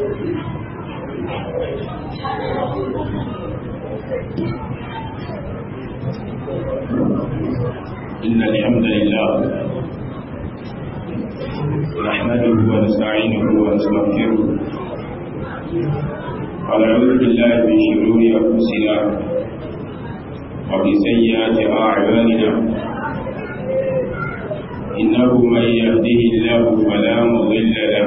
إن الحمد لله نحمده ونستعينه ونستغفره ونعوذ بالله من شرور أنفسنا ومن سيئات أعمالنا إنه من يهده الله فلا مضل له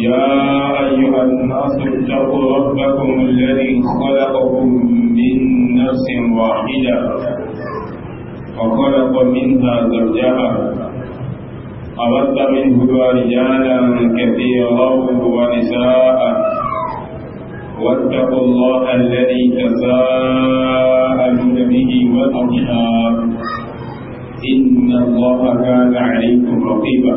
يا أيها الناس اتقوا ربكم الذي خلقكم من نفس واحدة وخلق منها زوجها أردت منه رجالا كثيرا ونساء واتقوا الله الذي تساءلون به والأرحام إن الله كان عليكم رقيبا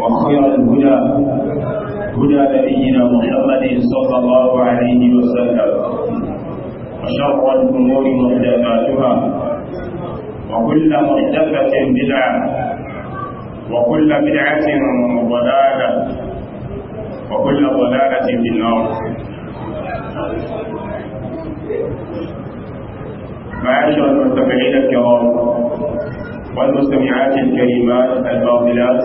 وخير الهدى هدى نبينا محمد صلى الله عليه وسلم وشر الأمور محدثاتها وكل محدثة بدعة وكل بدعة ضلالة وكل ضلالة في النار معاشر المستمعين الكرام والمستمعات الكريمات الفاضلات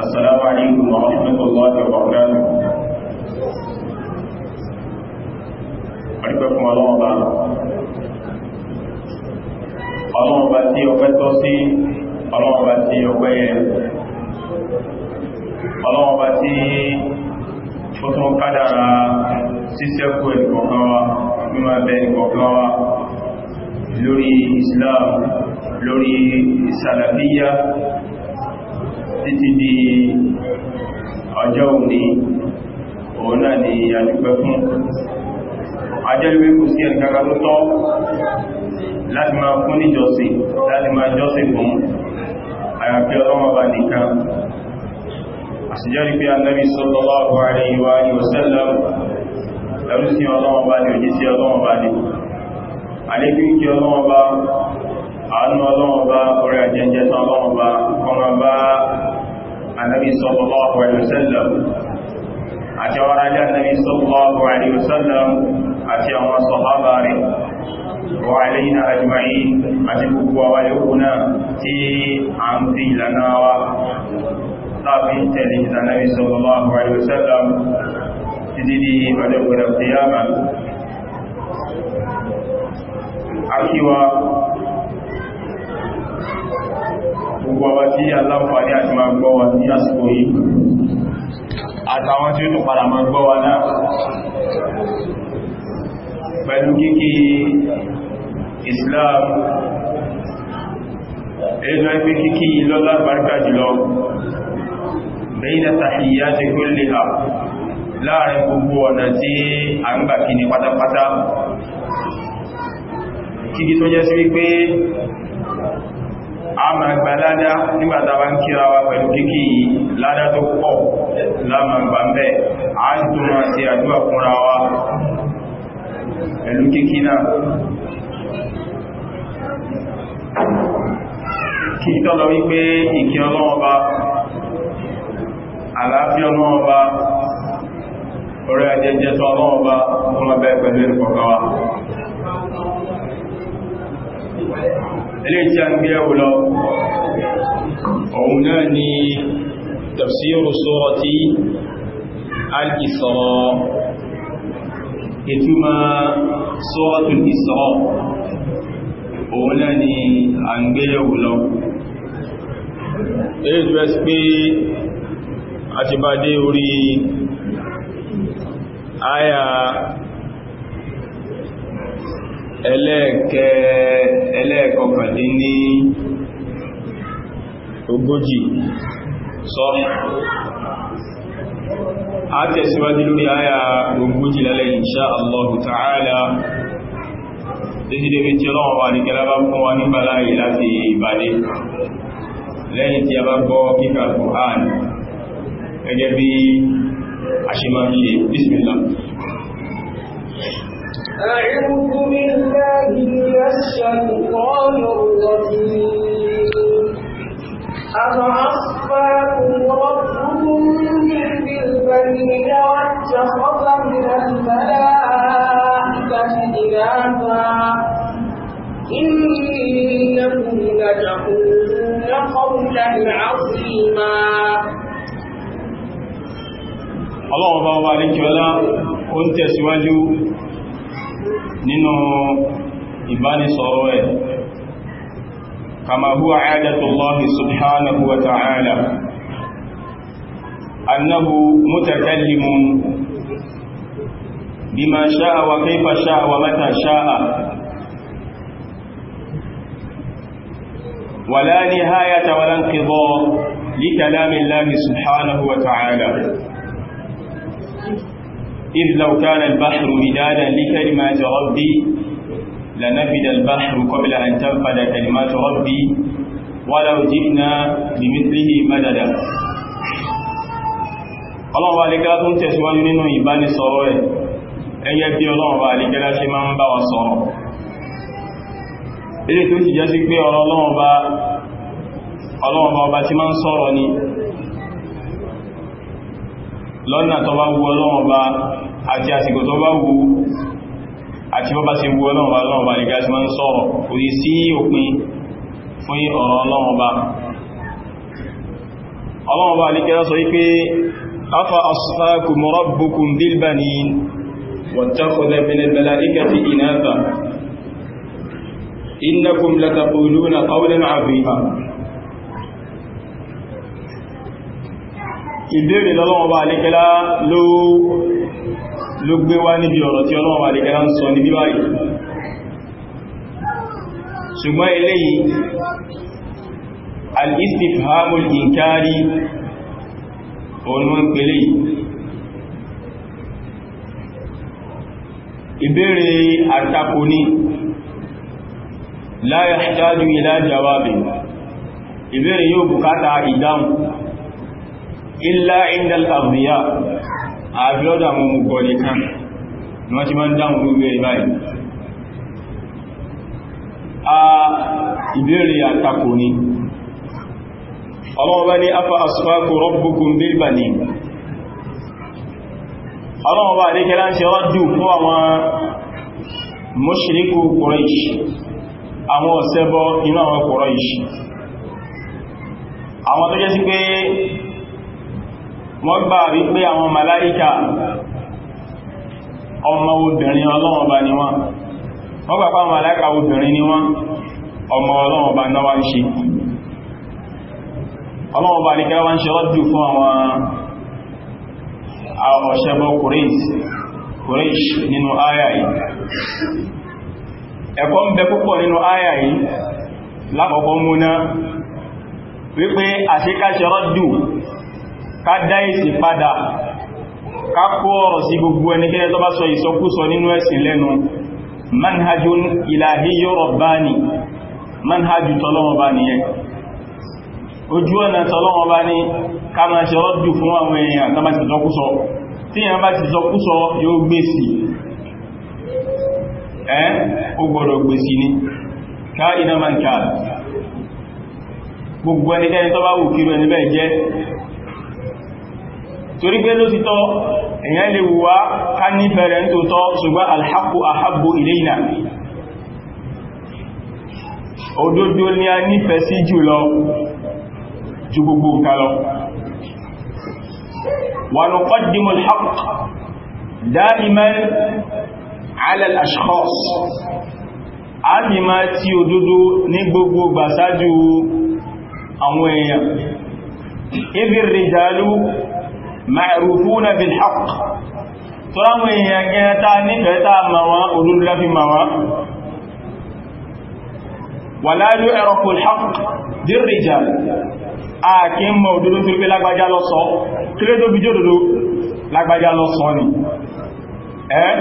السلام عليكم ورحمة الله وبركاته Àríkẹ́kùn ọlọ́ọ̀bá. Ọlọ́ọ̀bá tí ọpẹ́ tọ́ sí, ọlọ́ọ̀bá tí ọpẹ́ yẹ. Ọlọ́ọ̀bá tí ó tún kádàrà síṣẹ́kù ẹ̀kọ̀kan wa, mímọ̀ bẹ ẹ̀kọ̀kan wa lórí Islam, lórí Salafiyya, títí di ọjọ́ òní òun náà ni àdúgbẹ́ fún ajẹ́lúwé kò sí ẹ̀kàkà tó tọ́ láti máa fún ní jọ́sìn láti máa jọ́sìn fún àyàfi ọlọ́mọba nìkan àṣìjẹ́rí pé annabi sallallahu alaihi wa alihi wasallam ẹrú sí ọlọ́mọba ní òjí sí ọlọ́mọba ní alékún kí ọlọ́mọba àánú ọlọ́mọba orí àjẹjẹta ọlọ́mọba kọmọ bá النبي صلى الله عليه وسلم أشعر النبي صلى الله عليه وسلم أشعر صحابة وعلينا أجمعين أشبك ويؤنا في عمدي لنا وطافي تلك النبي صلى الله عليه وسلم تجدي ودور القيامة أكيوا gbogbo ọba tí aláǹfààní àti máa gbọ́ wa ní àsìkò yìí àtàwọn tí ó tún padà máa gbọ́ wa náà pẹ̀lú kíkí Islam ẹjọ́ ẹgbẹ́ kíkí lọ́lá barka jùlọ bẹ́yìnà tàhíyà ti kó lè ha láàrin gbogbo ọ̀nà tí a ń gbà kí ní pátápátá kíkí tó jẹ́ sí wípé a gba ládá nígbàtà bá ń kíra wa pẹ̀lú kíkí yìí ládá tó pọ̀ láàmà gbà mẹ́ a tó máa ṣe wa pẹ̀lú kíkí náà kí tọ́lọ wípé ìkí ọlọ́ọba àlàáfíà ọlọ́ọba orí ajẹ́jẹ́ ọlọ́ọba ọmọ bẹ́ẹ̀ pẹ̀lú wa ilé tí a ń gbé ẹwù lọ òun náà ni tafsiru surati al-Isra ìtumọ̀ suratul aya ẹlẹ́ẹ̀kẹ́ ẹlẹ́ẹ̀kọkàndín ní ogójì sọ́rọ̀ a tẹ̀síwájú lórí àyà ogójì lálẹ́ insha Allah ta'ala dídídé tí ọlọ́wọ́ wà ní kẹlẹ́bá fún wa nígbà láàyè láti ìbàdé lẹ́yìn tí a bá gbọ́ kíkà Kùránì gẹ́gẹ́ bí a ṣe máa ń ṣe أعوذ بالله من الشيطان الرجيم أفأصفاكم ربكم بالبنين واتخذ من الملائكة إناثا إنكم لتقولون قولا عظيما الله أكبر عليك ولا كنت سواجه nínú ìbánisọ̀rọ̀ ẹ̀ kama huwa adatullahi subhanahu wa ta'ala annahu mutakallimun bima sha'a wa kaifa sha'a wa mata sha'a ولا نهاية ولا انقضاء لكلام الله سبحانه وتعالى إذ لو كان البحر مدادا لكلمات ربي لنفد البحر قبل أن تنفد كلمات ربي ولو جئنا بمثله مددا ọlọ́wọ́ alẹ́gá tó ń tẹ̀síwájú nínú ìbánisọ̀rọ̀ ẹ̀ ẹyẹ bí ọlọ́wọ́ alẹ́gá ṣe máa ń bá wa sọ̀rọ̀ ilé tó sì jẹ́ sí pé ọlọ́wọ́ ọba tí máa ń sọ̀rọ̀ ni lọ́nà tó bá wu ọlọ́wọ́n bá àti àsìkò tó bá wu àti bọ́bá ti wu ọlọ́wọ́n bá lọ́wọ́n bá ní gáàsì máa ń sọ̀rọ̀ kò yí sí òpin fún ọ̀rọ̀ ọlọ́wọ́n bá ọlọ́wọ́n bá ní kẹ́lá sọ wípé afa asfakum rabbukum bil banin ìbéèrè lọ́lọ́wọ́ bá alékẹ́lá ló gbé wá níbi ọ̀rọ̀ tí ọlọ́wọ́ alékẹ́lá ń sọ ní bí báyìí ṣùgbọ́n eléyìí al-istifhamul inkari òun pèlè ìbéèrè àtakò ní la yahtaju ila jawabi ìbéèrè yóò bùkátà ìdáhùn ilá indal àbúyá àbíọ́dà mọ́ mú kọ́ nìkan ni wọ́n ti máa ń dáhùn gbogbo ìbáyìí a ìbéèrè àtakò ni ọlọ́ọ̀bá ní afá asfákò rọ́bùkún bílbà ni ọlọ́ọ̀bá àdékẹ́lá ń ṣe rọ́dù fún àwọn mọ́ṣíríkù Quraysh àwọn ọ̀sẹ́bọ́ inú àwọn Quraysh àwọn tó jẹ́ sí pé wọ́n gbà wípé àwọn màláíkà ọmọ obìnrin ọlọ́wọ̀n bá ní wọ́n wọ́n gbà pàwọn màláíkà obìnrin ní wọ́n ọmọ ọlọ́wọ̀n bá náwà ń ṣe ọlọ́wọ̀n bá ní kẹrẹ wá ń ṣe rọ́dù fún àwọn ọ̀ṣẹ́bọ̀ Quraysh nínú áyà yìí wípé àṣíkáṣẹ́ rọ́dù ká dá èsì padà ká kó ọ̀rọ̀ sí gbogbo ẹnikẹ́ni tó bá sọ ìsọkúsọ nínú ẹ̀sìn lẹ́nu manhajun ilahiyyo rabbani manhajun tọ́lọ́wọ́ bá ní ẹ ojú ọ̀nà tọ́lọ́wọ́ bá ní ká máa ṣe rọ́dù fún àwọn èèyàn tó bá ti sọkúsọ tí èèyàn bá ti sọkúsọ yóò gbèsì ẹ́ ó gbọ́dọ̀ gbèsì ni ká iná man ká torí pé ló ti tọ́ èyàn lè wùwá ká ní bẹ̀rẹ̀ ń tó tọ́ ṣùgbọ́n alhaqqu ahabbu ilayna òdodo ni a nífẹ̀ẹ́ sí jùlọ ju gbogbo nǹkan lọ wa ní máa ti òdodo ní gbogbo ibi rijalu ma'rufuna bil haqq tó láwọn èèyàn kẹta nífẹ̀ẹ́ta mawọn olúlọ́fí mawọn wà láàrú ẹ̀rọ̀kùn haqq dìrìjà a kí ń mọ̀ òdúdó tó rí pé lágbàjá lọ sọ kí lé tó bí jò dòdó lágbàjá lọ sọ ni ẹ́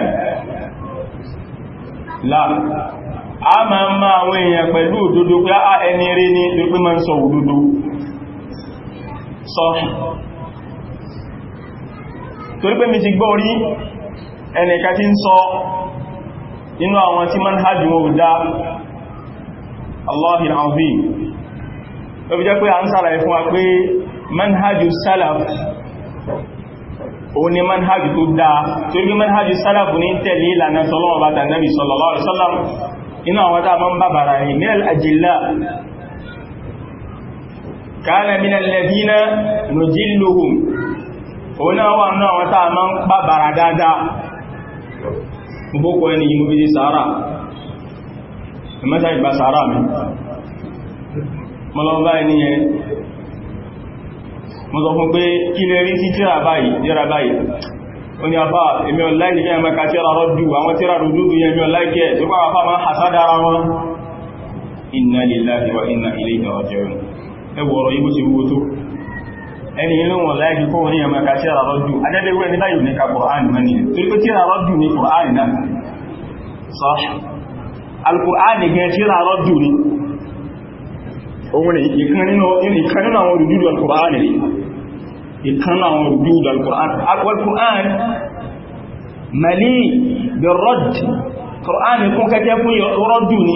a máa ń máa àwọn èèyàn pẹ̀lú òdòdó pé a ẹni rí ní pé ń sọ òdòdó sọ́ọ̀kì torí pé mi ti gbọ́ orí ẹnìkan tí ń sọ inú àwọn tí man hajji wọn ò dá Allahil azim tó fi jẹ́ pé a ń sára ẹ̀fún wa pé man hajji salaf òun ni man hajji tó dá torí pé man hajji salaf ní tẹ̀lé ìlànà sọlọ́wọ́ bá tàbí sallallahu ajilla kana minal ladina nujilluhum onye náà wà náà wọ́n tàà máa ń pàbàrà dáadáa gbogbo ẹni yìí mú sàárà ẹmẹ́ta ìgbà sàárà mi mọ́lọ́bá ẹni yẹn mọ́ sọ fún pé kí lè rí sí tíra báyìí tíra báyìí ó ní àbá èmi ọ̀láìkì ẹni inú wọn láìkí kó wọn ní ẹmọ ẹka tíra rọ́dù adẹ́dẹ́wẹ́ ní láyò ní ka Kùránì mẹ́ni tó ikú tíra rọ́dù ní Kùránì náà sọ alkùránì gẹ́ tíra rọ́dù ní ohun ìkan nínú àwọn olùdúdú alkùránì rí ìkan nínú àwọn olùdúdú alkùránì alkùránì mẹ́lì bẹ̀rọ̀dù Kùránì kún kẹ́kẹ́ fún rọ́dù ní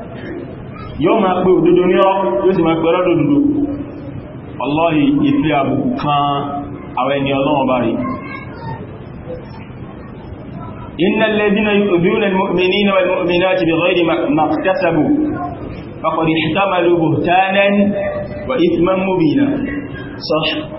yóò máa pé òdodo ní ọ́ yóò sì máa pé ọlọ́dọ̀dọ̀dọ̀ ọlọ́rin ìfẹ́ àbùkù kan àwọn ẹni ọlọ́wọ̀n bá rí inna alladhina yu'dhuna al-mu'minina wal-mu'minati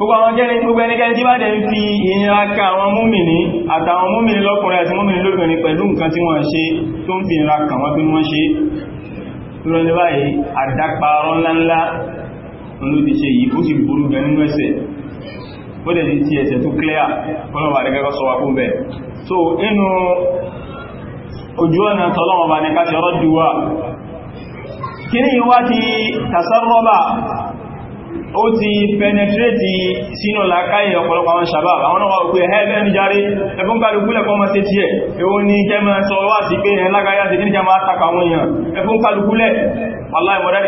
gbogbo àwọn jẹ́ni gbogbo ẹnikẹ́ni tí bá dẹ̀ ń fi ìnira ka àwọn múmìnì àtàwọn múmìnì lọ́kùnrin àti múmìnì lóbìnrin pẹ̀lú nǹkan tí wọ́n ṣe tó ń fi ìnira ka wọ́n bí wọ́n ṣe lọ́rọ̀ ní báyìí ó ti penetrate sínú làkáyẹ̀ ọ̀pọ̀lọpọ̀ àwọn ṣàbá àwọn ọmọ òkú ẹ̀hẹ́ lẹ́nu járe ẹgbọ́n kálukúlẹ̀ kọ́ ma ṣe tí ẹ̀ èwo ni kẹ́ ma sọ wá sí pé ẹ̀ lágáyà sí níjà máa takà àwọn èèyàn ẹgbọ́n kálukúlẹ̀ aláìmọ̀dá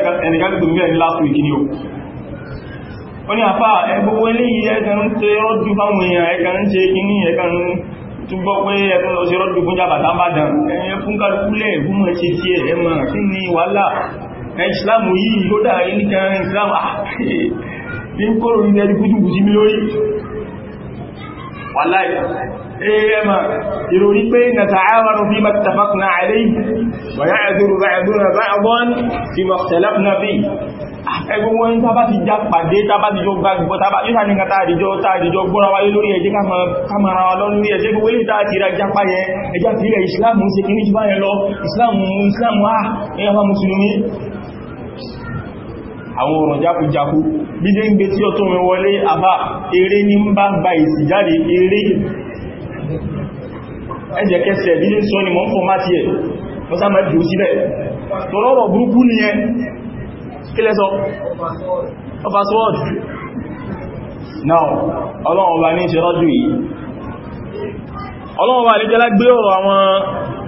túbọ̀ pé ẹkùn lọ sí rọ́dùn fún jàbàtà bàdàn ẹ̀yẹn fún kálukúlẹ̀ ìgbúmọ̀ ṣe tí ẹ̀ ẹ̀mọ̀ kí ni wàhálà ẹ ìsìláàmù yìí ó dáa yìí nìkan ìsìláàmù àti ń kóró ní ẹni kútùkù sí mi lórí wàláì ẹ̀ẹ́mà ìròrí pé na tààwàrù fi mattafaqna alayhi wa ya'dhuru ba'duna ba'dan fi makhtalafna fi ah, ẹgbùn wọn tábá ti já pàdé tábá ti jọ gbàgbọ́ tábá yíká ní kàtà àdìjọ tààdìjọ gbọ́ra wáyé lórí ẹjẹ́ kàmàrà wa lọ́nà ẹjẹ́ gbogbo èyí tàà ti ra jápa yẹ ẹjá àwọn òrùn jákújákú bí dé ń gbé tí ọ̀tún mi wọlé àbá eré ní ń bá gba ìsì jáde eré ẹjẹ̀ kẹsẹ̀ bí sọ ni mọ́ fún máti ẹ̀ wọ́n sá máa jù sílẹ̀ tọ́rọ̀rọ̀ burúkú ni ẹ kílẹ̀ sọ oversword now ọlọ́run ọba ní ìṣẹ́rọ́jú yìí ọlọ́run ọba ní jẹ́lá gbé ọ̀rọ̀ àwọn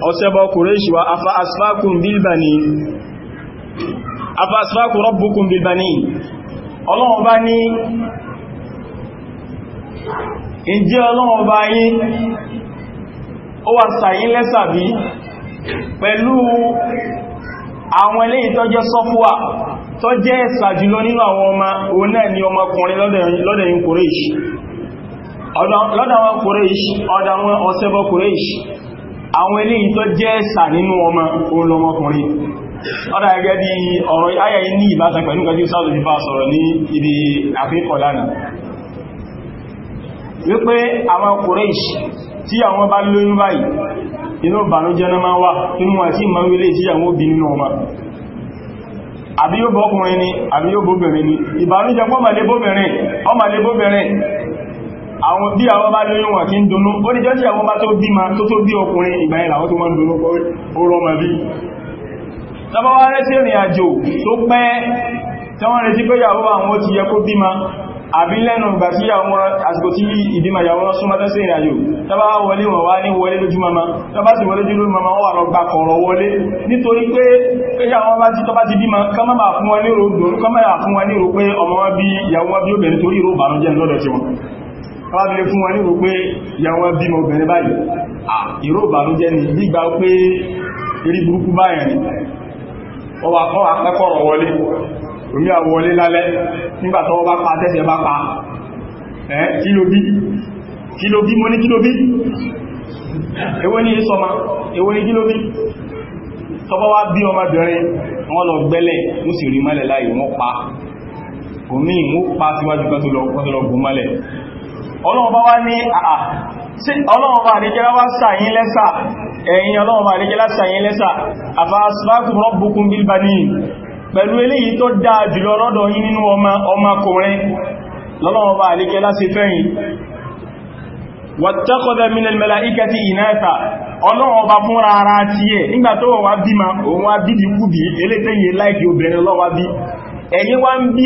ọ̀sẹ̀bọ̀ kùrẹ́ṣì wa afá asfákùn bílbà ni afasfaku rabbukum bilbani ọlọ́wọ́ ní ìjẹ́ ọlọ́wọ́ bá ó wà sàyín lẹ́sàbí pẹ̀lú àwọn ilé ìtọ́jẹ́ sọ́fúwà tó jẹ́ ẹ̀sà nínú àwọn ọmọ ni ọmọkùnrin lọ́dẹ̀ yìí kòrèṣì lọ́dà wọn ọ̀sẹ́bọ̀ kòrèṣì àwọn ilé ìtọ́jẹ́ nínú Ọ na bí ọ̀rọ̀ ayà yìí ní ìbátan pẹ̀lú gẹjú sáàdù ti bá sọ̀rọ̀ ní ibi àfíkọ̀ wípé àwọn tí àwọn bá lóyún báyìí inú náà máa wà nínú àti ìmọ̀wílé tí àwọn àbí yóò bọ́kùnrin ni àbí yóò bóbìnrin ni ìbànújẹ́ pọ́màlẹ́ bóbìnrin ọmàlẹ́ bóbìnrin àwọn bí àwọn bá lóyún wọn kí ń dunnú ó ní jẹ́ àwọn bá tó bí ma tó tó bí ọkùnrin àwọn tó máa dunnú tọba wá rẹ́ sí ìrìn àjò tó pẹ́ tí wọ́n retí pé yàwó àwọn ti yẹ kó bímá àbí lẹ́nu ìgbà sí àsìkò tí ìbímọ yàwó wọn súnmọ́ tẹ́sí ìrìn àjò tọba wọlé wọn wá ní wọlé lójú mama tọba sì mama wọ́n wà lọ gba kọ̀rọ̀ wọlé nítorí pé pẹ́yà wọn bá ti tọba ti bímọ kọ́mọ́ bà fún wọn nírò dòrú kọ́mọ́ bà fún wọn nírò pé ọmọ wọn bí yàwó wọn bí obìnrin torí ìrò bànújẹ́ lọ́dọ̀ tí wọn fábílé fún pé yàwó bímọ obìnrin báyìí ìrò bànújẹ́ ni gbígbà pé rí burúkú báyìí ọwà kọ́ àpẹ́kọ̀rọ̀ wọlé omi àwọlé lálẹ́ nígbàtọ́wọ́ bá pa tẹ́sẹ̀ bá pa ẹ́ kílóbí kílóbí ní kílóbí ewé ní ìsọmá ewé ní kílóbí tọ́bọ́ wá bí ọmọbìnrin wọ́n lọ sì sí ọlọ́run bá àríkẹ́lá wá sàyín lẹ́sà ẹ̀yìn ọlọ́run bá àríkẹ́lá sàyín lẹ́sà àfàásùlákùn rọ́bùkún bílbaní pẹ̀lú eléyìí tó dáa jùlọ lọ́dọ̀ yín nínú ọmọkùnrin lọ́lọ́run bá àríkẹ́lá sí fẹ́yìn ọba ti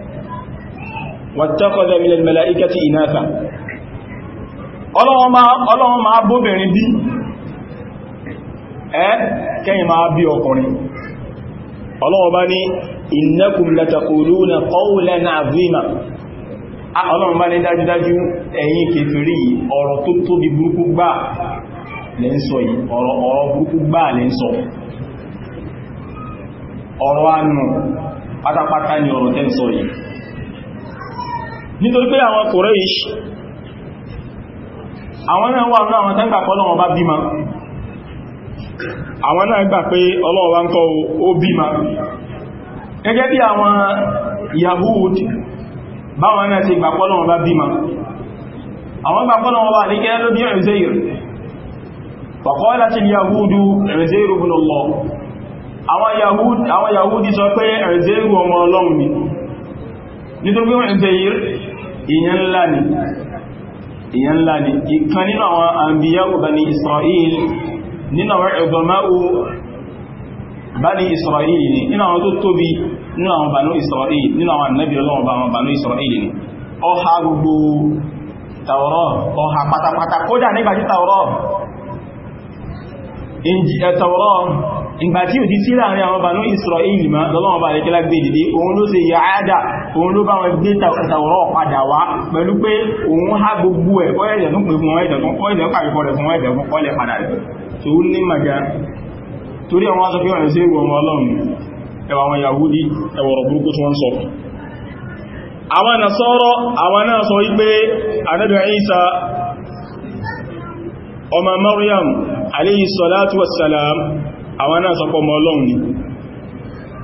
wàtẹ́kọ̀ọ́dẹ̀ mílẹ̀ mẹ́lẹ̀ ikẹ́tì ìnáta ọlọ́wọ́ ma bóbìnrin bí ẹ́ kẹ́yìn ma bí ọkùnrin ọlọ́wọ́ bá ní na latakuluna qawlan azima ọlọ́wọ́ bá ní dájúdájú ẹ̀yin kèfèrí ọ̀rọ̀ tó tóbi burúkú gbà lẹ́ yìí ọ̀rọ̀ nítorí pé àwọn Quraysh àwọn náà wà náà àwọn tẹ́gbà pọ́ lọ́wọ́ bá bímá àwọn náà gbà pé ọlọ́wọ́ ń kọ́ ó bímá gẹ́gẹ́ bí àwọn Yahud báwọn náà ti gbà pọ́ lọ́wọ́ bá bímá àwọn gbà pọ́ lọ́wọ́ bá ní kẹ́ ló bí Uzair faqalatil Yahudu Uzair ibn Allah àwọn Yahudi sọ pé Uzair ọmọ Ọlọ́run ni nítorí wọ́n Uzair ìyẹn ńlá ni ìyẹn ńlá ni ìkan nínú àwọn àmbíyáwò bani Israel nínú àwọn ẹ̀gbọmáwò bani Israel ni nínú àwọn tó tóbi nínú àwọn banu Israel banu ni ọha gbogbo ọha tàwọ́rọ̀ ìgbà tí ò ti sí láàrin àwọn Banu Israeli ma lọ́lọ́wọ́ bá rẹ̀kẹ́lá gbé dìde òun ló ṣe yàádà òun ló bá wọn gbé tàwọ̀rọ̀ padà wá pẹ̀lú pé òun há gbogbo ẹ̀ ọ̀ẹ̀dẹ̀ fún pé fún ọ̀ẹ̀dẹ̀ fún ọ̀ẹ̀dẹ̀ pàrípọ̀ rẹ̀ fún ọ̀ẹ̀dẹ̀ fún ọ̀lẹ̀ padà rẹ̀ tó ní màgá torí àwọn aṣọ fíwọ̀n sí ìwọ̀n ọlọ́run ẹwà àwọn Yahudi ẹwọ̀rọ̀ burúkú tí wọ́n sọ àwọn náà sọpọ̀ ọmọ ọlọ́run ni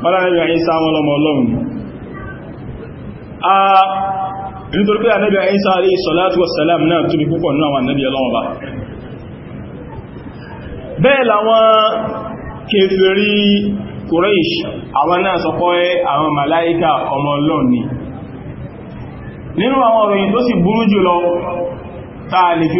wọ́n láàrin àyíṣà wọn lọmọ ọlọ́run ni a nítorí pé ànábì àyíṣà rí sọ̀látù wàsàlám náà tóbi púpọ̀ nínú àwọn ànábì ọlọ́run bá bẹ́ẹ̀ làwọn kèfèrí Quraysh àwọn náà sọpọ̀ ẹ àwọn màláíkà ọmọ ọlọ́run ni nínú àwọn òròyìn tó sì burú jùlọ táà lè fi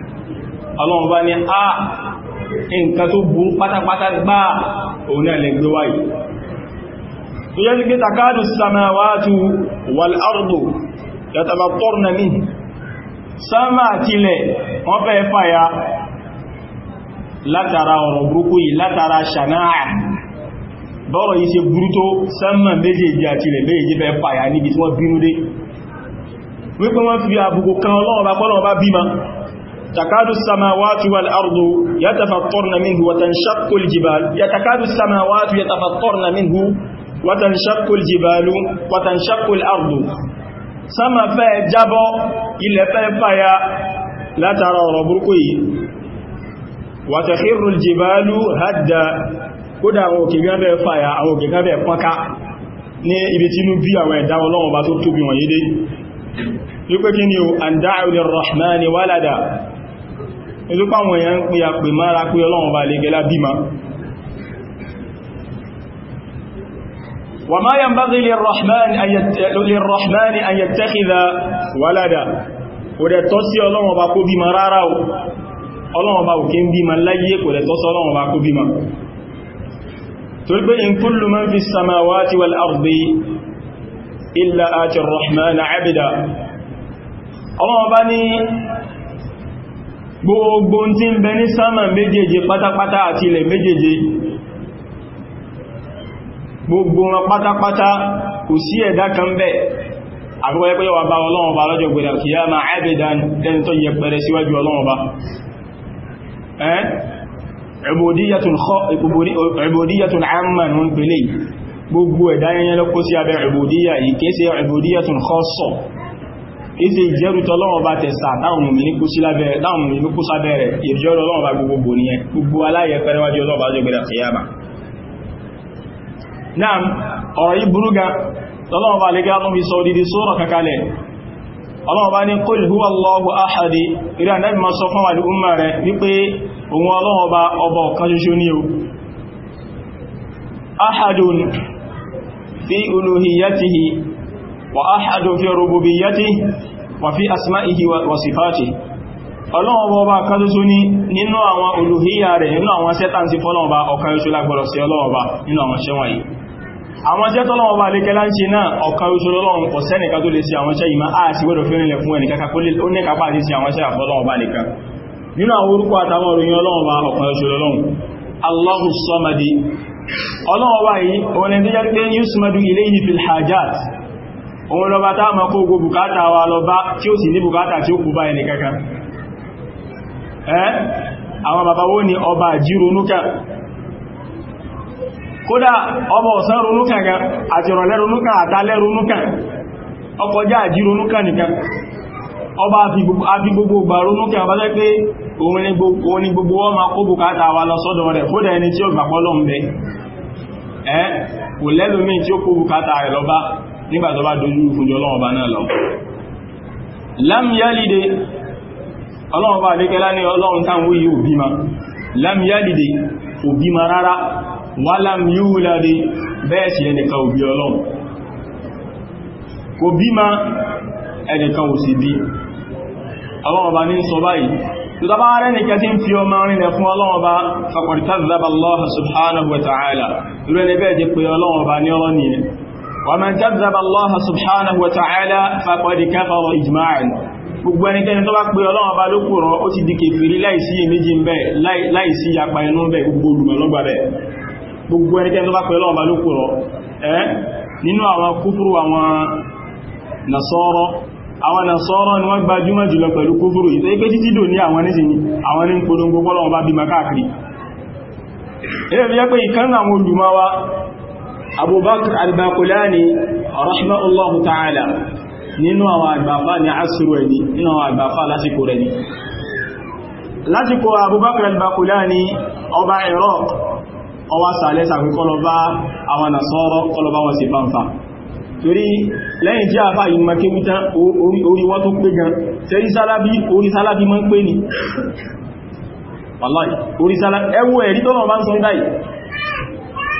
ọlọ́run bá ní à ah, nǹkan tó burú pátápátá gbá òun náà lè gbé wáyé tó yẹ́ sí pé takádù samawatu wal ardu yatamattarna min sáàmà àtílẹ̀ wọ́n fẹ́ fàyà látara ọ̀rọ̀ burúkú yìí látara ṣanáà bọ́rọ̀ yìí ṣe burú tó sáàmà méjèèjì àtílẹ̀ تكاد السماوات والأرض يتفطرن منه وتنشق الجبال يتكاد السماوات يتفطرن منه وتنشق الجبال وتنشق الأرض سما فيه جبو إلا فيه لا ترى ربكي وتخر الجبال هدا kódà àwọn òkè gán bẹ́ẹ̀ fàyà àwọn òkè gán bẹ́ẹ̀ pọ́nká ní ibi tí inú bí àwọn ẹ̀dá Ọlọ́run bá tó tóbi wọ̀nyí dé wípé kí ni o an da'u lir rahmani walada nítorí páwọn èèyàn ń pè àpè mára pé ọlọ́run bá lè gẹ́lá bímá وما ينبغي للرحمن أن يت... للرحمن أن يتخذ ولدا وده توسي الله ما كو بما رارا الله ما كان بما لاي كو ده توسي الله ما كو بما تقول إن كل من في السماوات والأرض إلا آتي الرحمن عبدا الله بني gbogbo tí ń bẹ ní sánmà méjèèje pátápátá àti ilẹ̀ méjèèje gbogbo wọn pátápátá kò sí ẹ̀dá kan bẹ́ àgbẹ́gbẹ́ wà bá ọlọ́run bá lọ́jọ́ gbẹ̀rẹ̀ kìí yá máa ẹ̀bẹ̀dán lẹ́ni tó yẹ pẹ̀rẹ síwájú ọlọ́run bá ẹ̀bùdíyàtùn àmà ní pẹ̀lẹ̀ gbogbo ìsì ìjẹ́rùtọ́ lọ́wọ́ bá tẹ̀sà táwọn mùmìnì kú sábẹ́ rẹ̀ ìjọ́rọ̀ lọ́wọ́ bá gbogbo ní ẹ gbogbo aláyẹ pẹ̀rẹwájú ọlọ́wọ́ bá jọ gbẹ̀rẹ̀ kìyàmà náà ọ̀rọ̀ yìí burúga lọ́wọ́ bá lè ìrìn àdábì ma sọ fún àdí umar rẹ̀ wípé òun ọlọ́wọ́ ọba ọ̀kan ní o ahadun fi uluhiyatihi wa ahadun fi rububiyyatihi wàfí asma'ihi wa sifati ọlọ́wọ́ ọba kájúsú ní nínú àwọn olùhíyà rẹ̀ nínú àwọn sẹ́tàǹsí fọ́lọ́wọ́ ọ̀kan oṣù lágbọ̀rọ̀ sí ọlọ́wọ́ nínú àwọn ṣẹ́wọ̀n yìí àwọn jẹ́ tọ́lọ́wọ́ bá lékẹ́lá ń ṣe náà ọ̀kan oṣù lọ́lọ́run sí àwọn bá nínú àwọn orúkọ ọlọ́wọ́ bá ọ̀kan oṣù òun lọba tá ma kó ogun wa lọ bá tí ó sì ní bùkátà tí ó kú bá ẹni kankan ẹ́ àwọn bàbá ni ọba àjíronúkà kódà ọba ọ̀sán ronúkà gan àti ìrọ̀lẹ́ ronúkà àtàlẹ́ ronúkà ọkọjá àjíronúkà nìkan ọba àfi gbogbo gbà ronúkà ọba tẹ́ pé òun gbogbo ma kó bùkátà wa lọ nígbà tó bá dojú fúnjọ ọlọ́ọ̀bá náà lọ lam yálìdè ọlọ́ọ̀bá àdékẹ́lá ní ọlọ́run táwọn yìí òbí ma lam yálìdè òbí ma rárá wà lam yúlàdè bẹ́ẹ̀ sí ẹnìkan òbí ọlọ́run kò bí ma ẹnìkan ò sì bí ọlọ́ọ̀bá ní sọ báyìí tọ́bá rẹ̀ ní kẹ́ tí ń fi ọmọ rìnlẹ̀ fún ọlọ́ọ̀bá faqad kadhaba subhanahu wa ta'ala ìrẹ́lẹ́bẹ́ẹ̀ jẹ́ pé ọlọ́ọ̀bá ní ọlọ́ nìyẹn ومن كذب الله سبحانه وتعالى فقد كفر إجماعا gbogbo ẹnikẹ́ni tó bá pé ọlọ́run bá ló kúrọ ó ti di kèfèrí láìsí èméjì ń bẹ láìsí yapa gbogbo olùmọ̀lọ́gbà bẹ̀ gbogbo ẹnikẹ́ni tó bá pé ọlọ́run bá ló ẹ́ nínú àwọn kúfúrú àwọn nasọ́rọ́ ni wọ́n jùlọ pẹ̀lú kúfúrú abubakar albakulani rahimahullahu ta'ala abubakar ọba iraq ọwá sàlẹ̀ sàkúkọlọba awa nasọ́rọ̀ kọlọba wọn sí fanfa torí lẹ́yìn tí a fà ma orí wọ́n tó pé gan tẹ́rí sálábí orí sálábí ma ń pè ní wàláì ẹ̀rí tọ́nà bá ń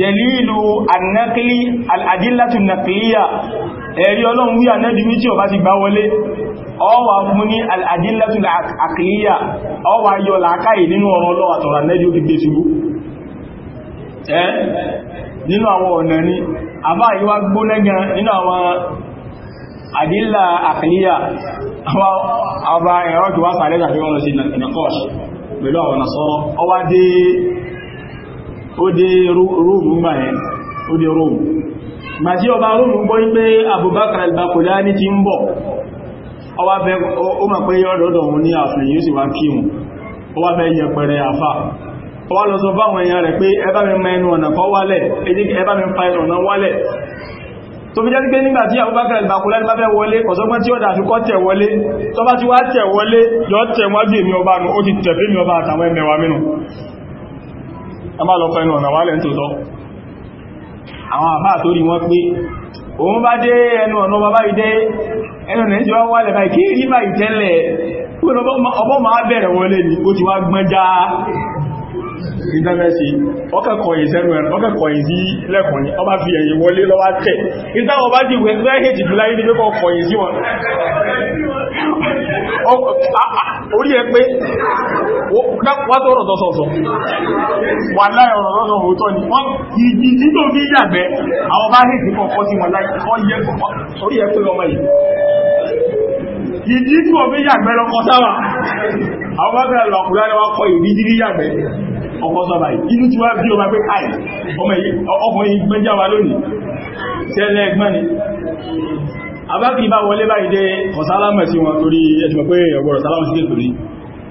dẹ̀lílù annáklí al'adílátù nàklíyà ẹ̀rí ọlọ́run wí ànẹ́bìwí tí ó bá ti gbá wọlé ọwà fún ní al'adílátù àklíyà ọwà yọ làákàyè nínú ọ̀rọ̀ ọlọ́wà tọ̀rọ̀ ànẹ́bì ó fi gbé ṣubú ẹ́ nínú àwọn ọ̀nà ni àbá ìwá gbóná gan nínú àwọn àdílà àklíyà àwọn o dé rúùmù gbà yẹn ó dé ọba rúùmù gbọ́ pé Abubakar al-Bakulani ti ń bọ̀ ọwá fẹ́ ó mọ̀ pé yọ́dọ̀dọ̀ òun ní àfihàn yóò sì wá fẹ́ yẹ àfà lọ sọ fáwọn èèyàn rẹ̀ pé ẹbá mi ma ẹnu ọ̀nà kan wálẹ̀ ẹbá mi fa ẹnu ọ̀nà wálẹ̀ tó fi jẹ́ tí ẹmà lọ fẹ́nu ọ̀nà wálẹ̀ tòótọ́ àwọn àbá àtórí wọ́n pé òun bá dé ẹnu ọ̀nà bàbá ìdẹ́ ẹnu nẹ̀ tí wọ́n wálẹ̀ báyìí kí rí báyìí tẹ́lẹ̀ ọbọ̀ máa bẹ̀rẹ̀ wọlé ní ó ti wá gbọ́n já ìdámẹ́sí ọkẹ̀kọ̀yìn orí ẹ pé wọ́n tó rọ̀ tọ́sọ̀sọ̀ wà láì ọ̀rọ̀ lọ́sọ̀ òótọ́ ni wọ́n ìdí tó bí ìjàgbẹ́ àwọn bá rí ìdíkọ̀ kọ́ sí wọn láì orí ẹ pé ọmọ yìí ìdí tó bí ìjàgbẹ́ lọ́kọ́ sáwà àwọn bá bẹ̀rẹ̀ lọ́kùnrin wọn kọ́ ìdí dídí ìjàgbẹ́ ọkọ̀ sọ́bà inú tí wá bí ọmọ pé káì ọkùnrin gbẹ́jáwa lónìí tẹ́lẹ̀ ẹgbẹ́ abákìrí bá wọlé bá ìdẹ́ ọ̀sálámà sí wọn torí ẹjùmọ̀ pé ọgbọ̀rọ̀ sálámà sí kékeré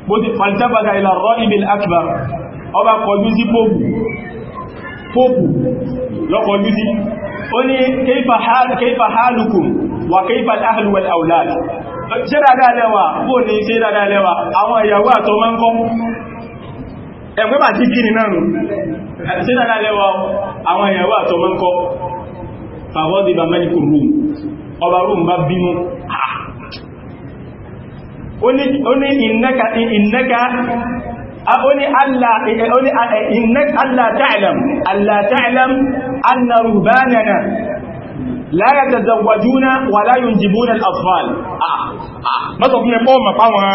bó ti falitabaga ila rọ́ìbìl akba ọba kọjú sí pópù lọ́kọjú sí ó ní kaifa halukum wa kaifa al-ahlu wal awlad ṣe dáadáa lẹ́wà bó ní ṣe dáadáa lẹ́wà àwọn ìyàwó àtọ́ mọ́ ń kọ́ ẹgbẹ́ fàwọ́dìbà mẹ́lìkùn rúùmù ọba rúùn bá bínú ó ní ìnẹ́ka ìnẹ́ka ó ní allá ta'lam allá ta'lam anna rubánana la yatazawwajuna wa la yunjibuna al-atfal mọ́sọ̀ fún ẹpọ́ ọmọ fáwọn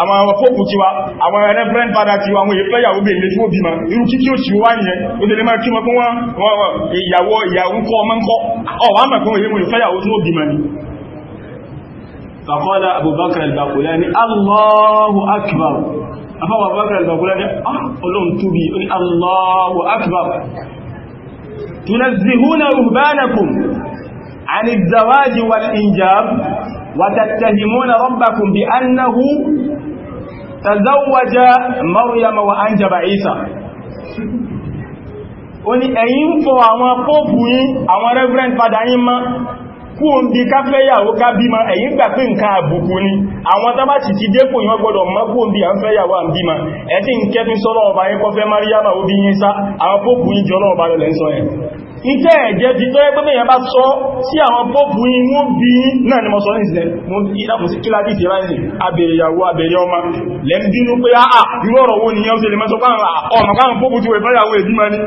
àwọn fóòkù tí wa àwọn reverend father tí wa àwọn èèfẹ́ ìyàwó bèèrè lè tí ó bímọ irú kí kí ó sì wá nìyẹn ó tẹ́lẹ̀ máa kí wọ́n fún wọn ìyàwó ìyàwó kọ́ ọmọ ń kọ́ ọ̀wọ́ àmà ruhbanakum عن الزواج والإنجاب وتتهمون ربكم بأنه تزوج مريم وأنجب عيسى ó ní ẹ̀yin ń fọ àwọn pópù yín àwọn reverend padà yín má kú ń bí káfẹ́yàwó ká bímọ ẹ̀yin gbà pé nǹkan àbùkù ni àwọn tàbá ti ti dépò yín gbọ́dọ̀ mọ́ kú ń bí à ń fẹ́yàwó à ń bímọ ẹ̀tí ń kẹ́fin sọ́lọ́ ọba yín kọfẹ́ Maríyámà ó bí yín sá àwọn pópù yín jọ lọ́ọ̀bá lọ́lẹ́ ń sọ yẹn ìjẹ́ ẹ̀jẹ́ ti tọ́ ẹgbẹ́ mẹ́yàn bá sọ sí àwọn pọ́pù inú bí náà ni mo sọ ní ìsẹ̀ mo ìdákùn sí kílá dìtì ráìsì abèrè ìyàwó abèrè ọmọ lẹ́mbínú pé àà ah, ah, irú ọ̀rọ̀ wo nìyàn ṣe lè mẹ́sọ pàrùn ah, pọ́pù tí wọ́n fẹ́yàwó ìbímọ ní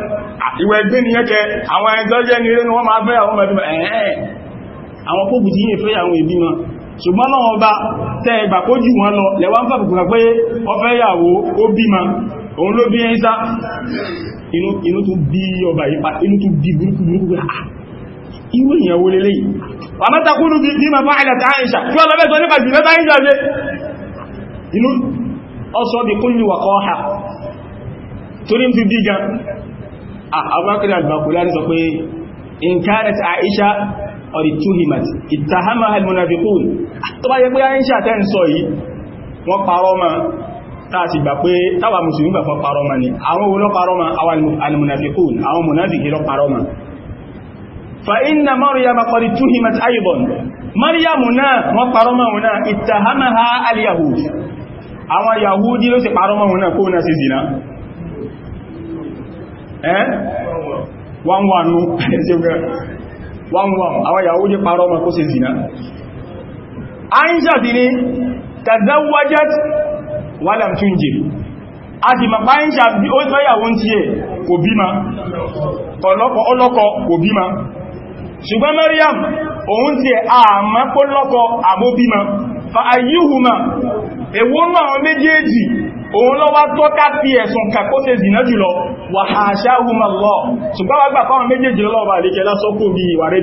ìwẹ̀ ẹgbẹ́ nìyàn jẹ àwọn ẹgbẹ́ jẹ́ ní eré ni wọ́n máa fẹ́yàwó ìbímọ ẹ̀ẹ́ àwọn pọ́pù tí yìí fẹ́yàwó ìbímọ ṣùgbọ́n náà ọba tẹ́ ẹgbà kó jù wọn lọ lẹ́wọ́n fàbùkù pé ó fẹ́yàwó ó bímọ òun ló bí ẹ́ inú tún bí ọba ìpa inú tún bí burúkú burúkú ah, irú ìyàwó lélẹ́ yìí wà mẹ́ta kúrú bí i ma fa'ila ta Aisha kí ọlọ́bẹ̀ tó nípa jù mẹ́ta Aisha ṣe inú ọsọ́ bí kúrú wà kọ́ ha tó ní tún bí gan ah, abúrákìrì albakula ní sọ pé in kánat Aisha ọ̀rì tuhimat ittahamaha al-munafiqun ah, tó bá yẹ pé Aisha tẹ́ ń sọ yìí wọ́n parọ́ máa táàtì gbà pé táwà musulmi gbà parọ́mà ni àwọn oló parọ́mà àwọn alìmùnafikún àwọn munafiki lọ parọ́mà fa inna maryama qad tuhimat aidan maryamu náà wọ́n parọ́mà wọn náà ittahamaha al-yahud àwọn yahudi ló sì parọ́mà wọn náà kó náà sí zina eh wọ́n wọ́n àwọn yahudi parọ́mà kó sí aisha ti ni wàlàm tún jẹ a ti màpá ń ṣà ó ń tí ẹ̀ kò bímá ọlọ́kọ ọlọ́kọ kò bímá ṣùgbọ́n Maryam òun ti ẹ̀ àmọ́ kó lọ́kọ àmó bímá fa ayyúhùmá èwo náà méjèèjì òun lọ wá tó ká fi ẹ̀sùn kàkó ṣe zìnà jùlọ wà àṣáhùmà lọ ṣùgbọ́n wá gbà fáwọn méjèèjì lọ́wọ́ bí ìwà rẹ̀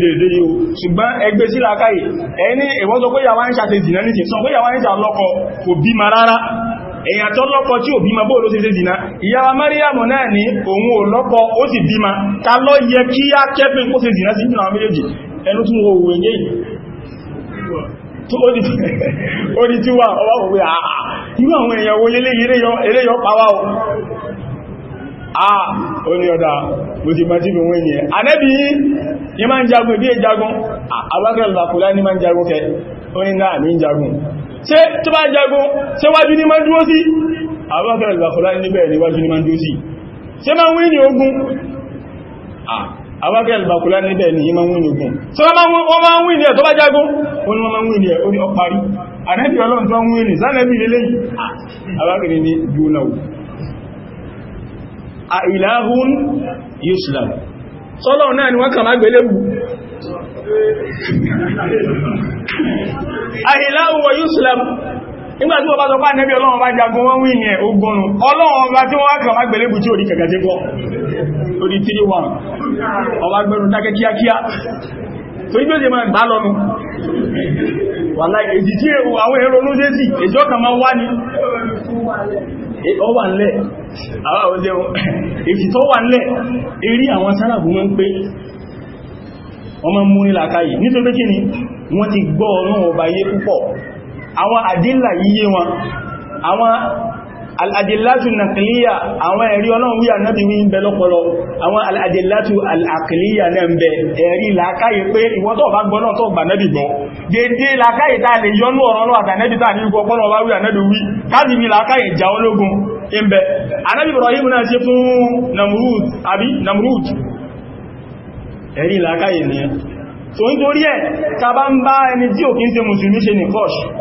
ṣùgbọ́n ẹgbẹ́ sílá káyì ẹni sọ pé ń ṣàṣe zìnà èyàn tó lọ́kọ tí ò bímọ bóòló sí zina ìyá Mariam náà ní òun ò lọ́kọ ó sì bímọ ta ló yẹ kí á kẹ́fẹ́ kó sí sí ìpínlẹ̀ méjèèjì ẹnu tún wo òwe yẹ́ ó di tí wà ọwá òwe àà irú àwọn èèyàn wo ah ó ní ọ̀dá bó ti bá tí bí wọ́n yẹn anẹ́bí ní máa ń jagun ìbí ìjagun àbákẹ́lẹ̀ làkùlá ní máa ń jagun kẹ ó ní náà ní jagun ṣe tó bá jagun ṣe wájú ní máa dúró sí àbákẹ́lẹ̀ làkùlá ní bẹ̀rẹ̀ ní wájú ní máa dúró sí ṣe máa wí ní ogun àbákẹ́lẹ̀ ah, làkùlá ní bẹ̀rẹ̀ ní máa wí ní ogun ṣe wọ́n máa wí ní ẹ̀ tó bá jagun ó ní wọ́n máa wí ní ẹ̀ ó ní ọparí anẹ́bí ọlọ́run tó ń wí ní sánẹ́bí lélẹ́yìn àbákẹ́lẹ̀ ah, ní dúnà àìláhùn yuslam sọ́lọ̀ náà ni wọ́n kà máa gbẹ̀lẹ́bù àìláhùn wa yuslam nígbàtí wọ́n bá sọ nẹ́bí ọlọ́run bá jagun wọ́n wí ní ọlọ́run wà láì èjì tí àwọn èrò ló èjọ́ ọ wà nílẹ̀ àwọn àwọn jẹun èsì tó wà nílẹ̀ eré àwọn sáràbù mọ́ ń pé ọmọ mú ní làkáyì nítorí pé kí ni wọ́n ti gbọ́ ọlọ́run ọba yé púpọ̀ àwọn àdílà yíyé wọn àwọn al'adìlátù nàkìlíyà àwọn ẹ̀rí ọlọ́run wí ànábì wí ń bẹ lọ́pọlọ àwọn al'adìlátù al'àkìlíyà náà ń bẹ ẹ̀rí làákàyè pé ìwọ tó bá gbọ́nà tó gbà nábì gbọ́ dédé làákàyè tá lè yọnú ọ̀rọ̀ àtànẹ́bì tàà ní gbọ́ pọ́nà wá wí ànábì wí Namrud àbí Namrud ẹ̀rí làákàyè nìyẹn tó ń torí ẹ̀ tàbá ń bá ẹni tí ò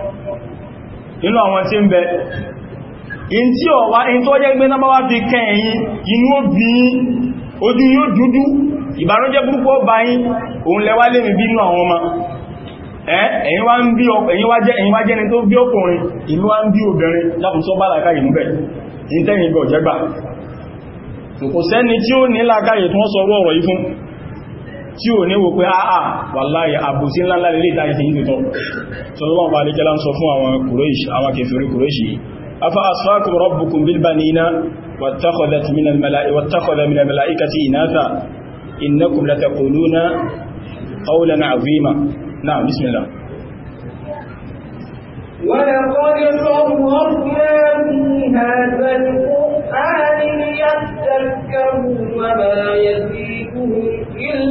nínú àwọn tí ń bẹ in tí ọ̀wá in tó jẹ́ gbé náà wá fi kẹ́yìn inú obìnrin ojú yóò dúdú ìbànújẹ́ púpọ̀ báyín òun lẹ́wà lè mi bínú àwọn ọmọ ẹ̀yin wá ń bí ẹ̀yin wá jẹ́ ẹ̀yin tó bí ọkùnrin ìlú wá ń bí obìnrin lápùsọ́ bá làkà ìmúbẹ̀ ìtẹ́yìn gbọ̀ jẹ́gbà kò sẹ́ni tí ó ní làkàyè tó wọ́n sọ ọ̀rọ̀ yìí fún tí ò ní wo pé àà wàláyé àbúsí ńlá lè dáyé sí ìtò tó lọ́wọ́ bá lè jẹ́lá ń sọ fún àwọn kùròṣì àwọn kèfèrí kùròṣì afá asfákùn rọ́bùkùn bilbanina wàtàkọ̀dà min al-mala'ikati inatha innakum lataquluna qawlan 'azima na'am bismillah ولقد صرفنا في هذا القرآن ليذكروا وما يزيدهم إلا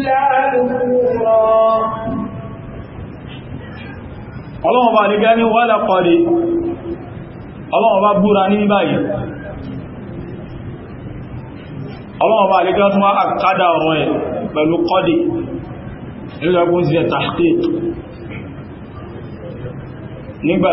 ọlọ́wọ́n bá nígbà ní wà lápọ̀dé ọlọ́wọ́n bá búra ní báyìí ọlọ́wọ́n bá nígbà tún wá àkádà ọ̀rọ̀ ẹ̀ pẹ̀lú kọ́dì nígbàkún sí tahqiq nígbà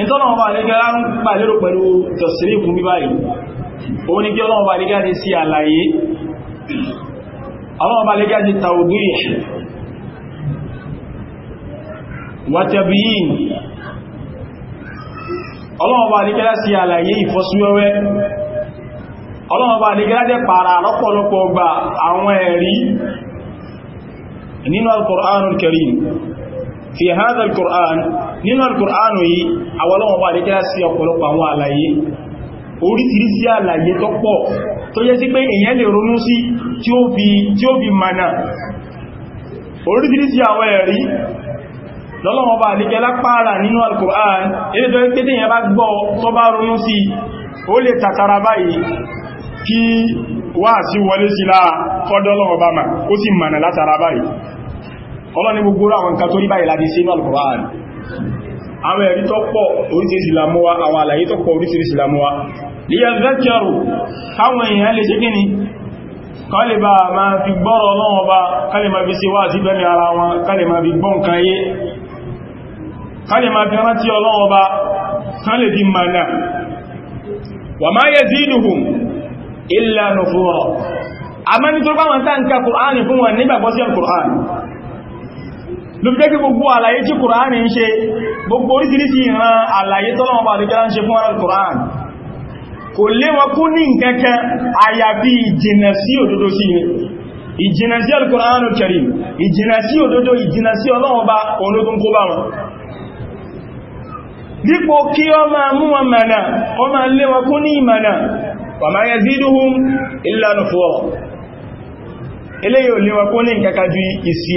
ìtọ́nà ọba àlẹ́gẹ́lá ń pẹ̀lú ọba sí àlàyé ọlọ́run ọba àlẹ́gẹ́ ti tàwùdú ìṣẹ́ wàtẹ̀bíyìn ọlọ́run ọba àlẹ́gẹ́ sí àlàyé ìfọ́síwẹ́wẹ́ ọlọ́run ọba àlẹ́gẹ́ jẹ́ lọ́pọ̀lọpọ̀ àwọn nínú alkùránù yìí àwọlọ́wọ́ wà dékẹ́ sí ọ̀pọ̀lọpọ̀ àwọn àlàyé oríṣiríṣi àlàyé tó pọ̀ tó yẹ sí pé èyàn lè ronú sí tí ó fi mana oríṣiríṣi àwọn ẹ̀rí lọ́lọ́wọ́ bá lè kẹ́lá pààrà nínú alkùránù ilé tó pé tí èyàn bá gbọ́ tó bá ronú sí ó lè tàtàrà báyìí kí wá sí wọlé sí láà fọ́dọ́lọ́wọ́ bá ma ó sì mana látara báyìí ọlọ́ni gbogbo àwọn nǹkan tó rí báyìí láti sí inú alkùránù àwọn ẹ̀rí tó pọ̀ lámúwá àwọn àlàyé tó pọ̀ lámúwá líyà zákẹrù káwọn èèyàn lè ṣe gíní bá ma fi gbọ́rọ̀ ọlọ́wọ́n bá kálẹ̀ ma fi síwá sí ara wọn kálẹ̀ ma fi gbọ́n kan kálẹ̀ ma fi rántí ọlọ́wọ́n bá kálẹ̀ a mẹ́ni tó ka ló fi jẹ́ gbogbo àlàyé tí kùránì ń ṣe gbogbo orísìírísì ìran àlàyé tọ́lọ́wọ́ bá àdókẹ́lá ń ṣe fún ara kùránì kò lé wọn kú ní nkẹ́kẹ́ àyàbí ìjìnà sí òdodo sí ni ìjìnà sí alkùránù kẹrì ìjìnà sí òdodo ìjìnà sí ọlọ́ọ̀bá ológun kó bá wọn dípò kí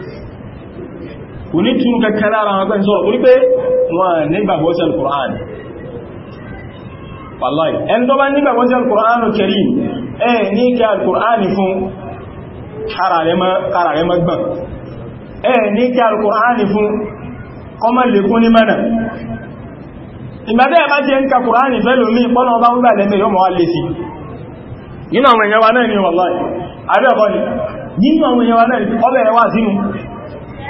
kò ní túnú kẹkẹ lára wọn gbẹ́ni sọ́rọ̀ torí pé wọn nígbàgbọ́ sí al-Qur'an wallahi ẹni tó bá nígbàgbọ́ sí al-Qur'an al-Karim ẹ ní kí al-Qur'an fún kára rẹ mọ́gbọ̀n ẹ ní kí al-Qur'an fún kọmọ lèkún ní mẹ́nà ìgbàdẹ́ ẹ̀bá jẹ́ ń ka Kùránì fẹ́lú mí pọ́nà ọba ń gbà lẹ́mẹ́ yọmọ nínú àwọn èèyàn náà ni wallahi àbẹ́ ọ̀bọ́ ni nínú àwọn èèyàn náà ni ọbẹ̀ rẹ̀ sínú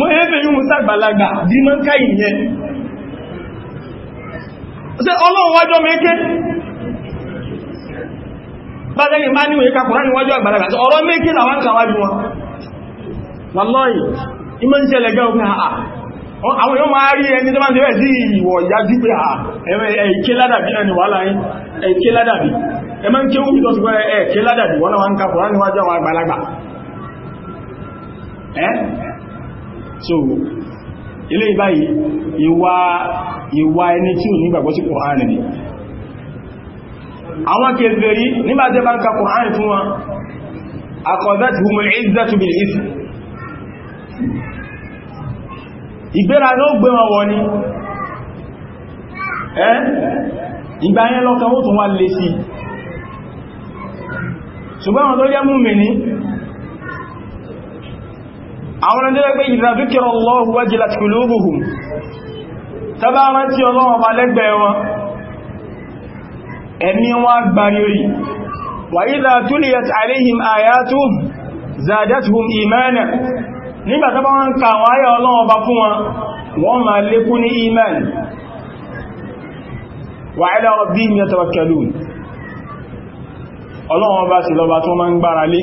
mọ́ ẹ̀fẹ́ yíò sàgbàlagbà bí mọ́ ká ìyẹn ṣe ọlọ́run wájọ́ méjì bájẹ́ni bá níwẹ̀ ká kùránì wájú àgbàlagbà tó ọ̀rọ̀ méjì làwọn kàwájú wọn wàlọ́yìn ń ṣẹlẹ̀ gẹ́ òfin àà àwọn sí ládàbí wọ́n wá ń so ilé ìbáyìí ìwà iwa ẹni tí ò nígbàgbọ́ sí Kùránì ni àwọn kèfèrí nígbàtẹ́ bá ń ka Kùránì fún wọn akhadathumul izzatu bil ism ìgbéra ló gbé wọn wọ ní ẹ́ ìgbà yẹn lọ́kàn ó tún wá lè sí àwọn ẹ̀dẹ́ pé idha dhukira Allahu wajilat qulubuhum tàbá rántí ọlọ́wọ́ ma lẹ́gbẹ̀ẹ́ wọn ẹ̀mí wọn gbariri wa idha tuliyat alaihim ayatuhu zadatuhum imana nígbà tàbá wọn ka àwọn ayẹ́ ọlọ́wọ́ bá fún wọn wọ́n ọlọ́wọ́ bá sì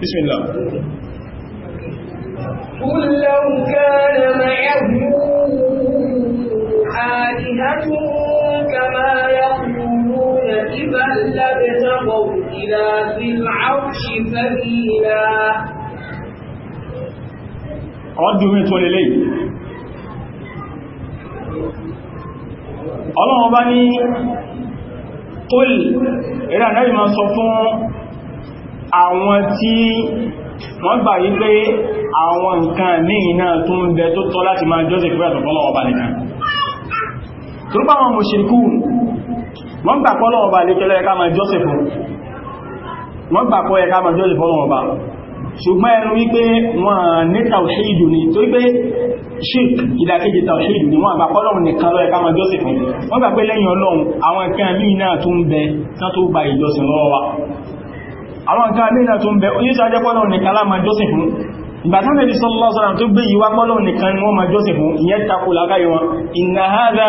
بسم الله قل لو كان معه آلهة كما يقولون إذا لابتغوا إلى ذي العرش سبيلا ọdún mi tó lélẹ̀ ọlọ́run bá ní kólì ìrànlẹ́yìn ma sọ fún àwọn tí wọ́n gbà yí pé àwọn nǹkan míì náà tó ń bẹ tó tọ́ láti máa jọ́sìn fún ẹ̀tọ̀ fọ́lọ́wọ́ bá nìkan tó bá wọn mùṣìríkù wọ́n gbà fọ́lọ́wọ́ bá lè kẹ́lẹ́ ẹ̀ká máa jọ́sìn fún wọ́n gbà fọ́ ẹ̀ká máa jọ́sìn fọ́lọ́wọ́ bá ṣùgbọ́n ni tó wípé ṣík ìdàkejì tàùṣídù ni wọ́n àgbàkọ́lọ́run nìkan lọ́ẹ̀ká máa jọ́sìn fún wọ́n àwọn nǹkan amínà tó ń bẹ oníṣà jẹ́ pọ́lọ̀ nìkan láàmà jọ́sìn fún ìgbàtán lè sallallahu alaihi wasallam tó gbé ìwá pọ́lọ̀ nìkan wọ́n ma jọ́sìn fún ìyẹn takò lákàí wọn inna hadha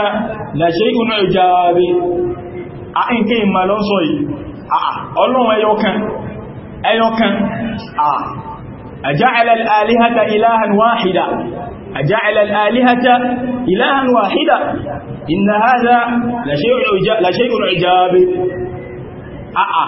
la shay'un ijab a أجعل الآلهة إلها واحدة إن هذا لشيء عجاب آآ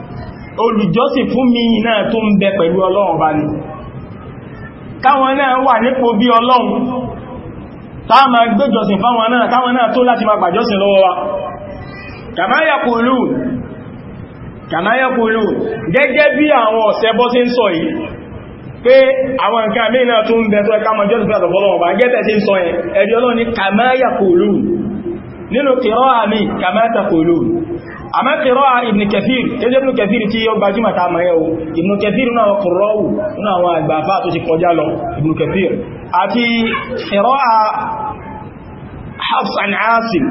olùjọ́sìn fún mi náà tó ń bẹ pẹ̀lú ọlọ́run bá ní káwọn náà wà nípo bí ọlọ́run táà máa gbéjọsìn fáwọn náà káwọn náà tó láti máa gbàjọsìn lọ́wọ́ wa kama gẹ́gẹ́ bí àwọn bọ́ sí ń sọ yìí pé àwọn nǹkan mí náà bẹ tó ẹka bá gẹ́tẹ̀ sí ń sọ ẹ̀dì nínú àmá kìrọ́ Ibn Kathir kéjẹ́ Ibn Kathir tí ó gbajúmọ̀ ta mẹ́rẹ́ o Ibn Kathir náà kùrọ́wù náà wọn àgbàfà tó ti kọjá lọ Ibn Kathir àti kìrọ́ Hafs an Asim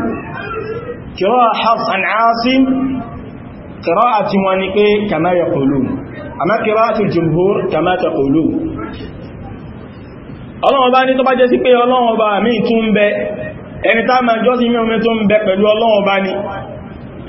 kìrọ́ Hafs an Asim kìrọ́ àti wọn ni pé kama yaqulun àmá kìrọ́ àti jumhur kama taqulun ọlọ́wọ́n bá ní tó bá jẹ́ sí pé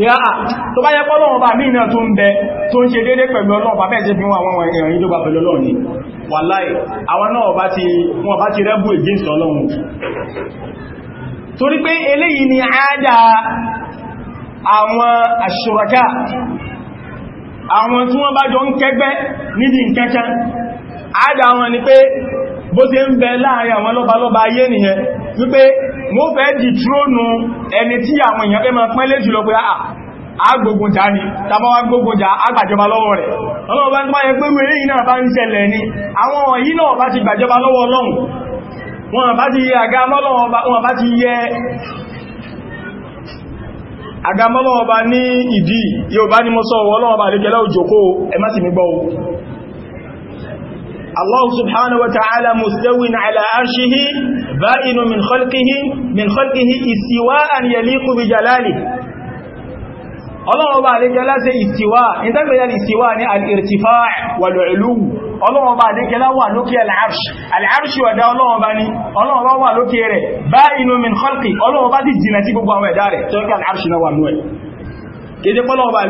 ní àà ah, ah, tó bá yẹ pé Ọlọ́run bá mí náà tó ń bẹ tó ń ṣe déédé pẹ̀lú Ọlọ́run bá bẹ́ẹ̀ sí fi wọn àwọn èèyàn ìjọba pẹ̀lú Ọlọ́run ni wàláì àwọn náà bá ti wọn bá ti rẹ́bù against Ọlọ́run ni àádá àwọn àṣùrọ̀ká àwọn tí wọ́n bá jọ ń kẹgbẹ́ nídìí nǹkankan wípé mo fẹ́ di trónù ẹni tí àwọn èèyàn fẹ́ máa a jùlọ pé agbógun jà ní tàbáwá gbógun jà agbàjọba lọ́wọ́ rẹ̀ ọlọ́wọ́ bá ń pàyẹ pé wèrè yìí náà bá ń ṣẹlẹ̀ ti gbàjọba lọ́wọ́ Ọlọ́run wọn bá ti yẹ àgámọ́lọ́wọ́ ọba الله سبحانه وتعالى مستو على عرشه بائن من خلقه من خلقه استواء يليق بجلاله ọlọ́wọ́ bá àdékẹ́ láti ìstíwá ìtẹ́gbẹ̀yà ìstíwá ní al'irtifá wàlú'ìlú ọlọ́wọ́ bá àdékẹ́ láwà lókè al'arṣ al'arṣ wàdá ọlọ́wọ́ bá ní ọlọ́wọ́ bá wà lókè rẹ̀ bá inú min khalqi ọlọ́wọ́ bá ti jìnà sí gbogbo àwọn ẹ̀dá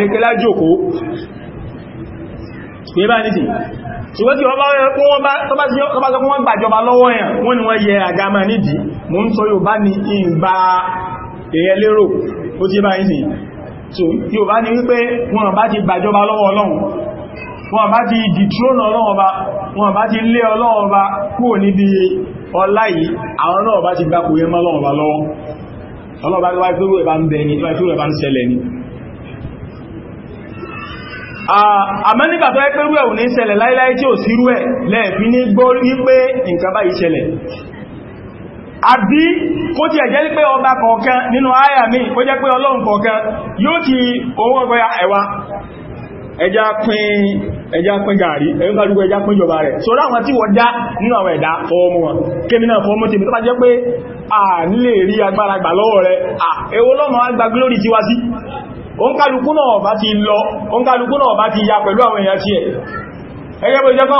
rẹ̀ tó pé bá nìsìn ṣùgbọ́n tí ọba ọkọ̀ wọ́n gbàjọba lọ́wọ́ yẹn wọ́n ni wọ́n yẹ àgámà nídìí mú ń sọ yóò bá ní ìgbà èyẹ lérò ó tí bá nìsìn so yóò bá ní wípé wọ́n bá ti gbàjọba lọ́wọ́ ọlọ́run wọ́n bá ti dìtrọ́nà ọlọ́run ọba wọ́n bá ti lé ọlọ́run ọba kúrò níbi ọlá yìí àwọn náà bá ti gbapò yẹn mọ́ ọlọ́run ọba lọ́wọ́ ọlọ́run ọba gbogbo ẹ̀bá ń bẹ ni Ah, àmọ́ nígbà tó ẹ́ pẹ́rú ẹ̀ ò ní ṣẹlẹ̀ láíláí tí ò sírú ẹ̀ lẹ́ẹ̀fí ní gbọ́ wípé nǹkan báyìí àbí kó ti ẹ̀jẹ́ pé ọba kọ̀ọ̀kan nínú àyà mi kó jẹ́ pé ọlọ́run kọ̀ọ̀kan yóò ti owó ọgbọ́ya ah, ẹ̀wà ẹja pín ẹja pín gàrí ẹja òǹkàlùkú na bá ti lọ ti ya pẹ̀lú àwọn èèyàn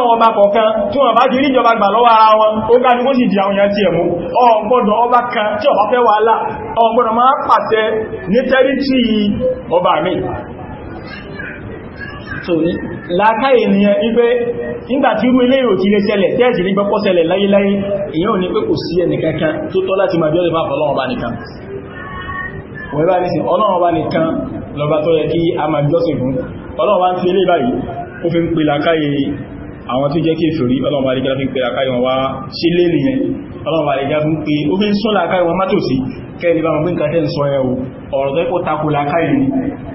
ọba ti rí ìjọba gbà lọ́wọ́ ara wọn ó gájú kó sì di àwọn èèyàn tí ẹ̀mú ọgbọ́dọ̀ ọba kan tí ọba fẹ́ wà láà ọgbọ́dọ̀ máa pàtẹ ní tẹ́rítì ọba mi so láká ènìyàn ipé nígbàtí irú ilé ìrò ti lè tẹ́ẹ̀sì rí gbọ́pọ̀ ṣẹlẹ̀ láyéláyé èyàn ò ní pé kò sí ẹnìkankan tó tọ́ láti máa bí wọ́n bá ní sí ọlọ́run bá nìkan lọ́ba tó yẹ kí a máa jọ́sìn fún ọlọ́run bá ń fi ilé báyìí ó fi ń pè làkáyè àwọn tó jẹ́ kéfèrí ọlọ́run bá nìkan fi ń pè ọlọ́run bá nìkan fi ń ni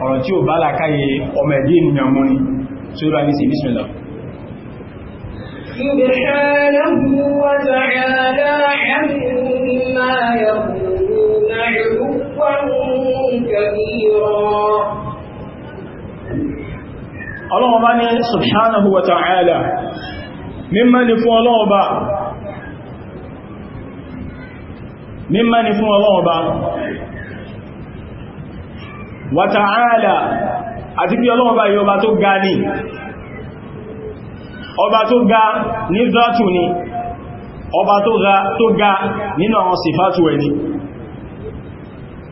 ọ̀rọ̀ tí ò bá làkáyè ọmọ ẹ̀dí ènìyàn سبحانه وتعالى عما يقولون علوا كبيرا الله بني سبحانه وتعالى mímọ̀ يفو fún با ممن àti bí ọlọ́wọ́ báyìí bá tó ga ní ọba tó ga ní zátù ọba tó ga nínú àwọn sífàtù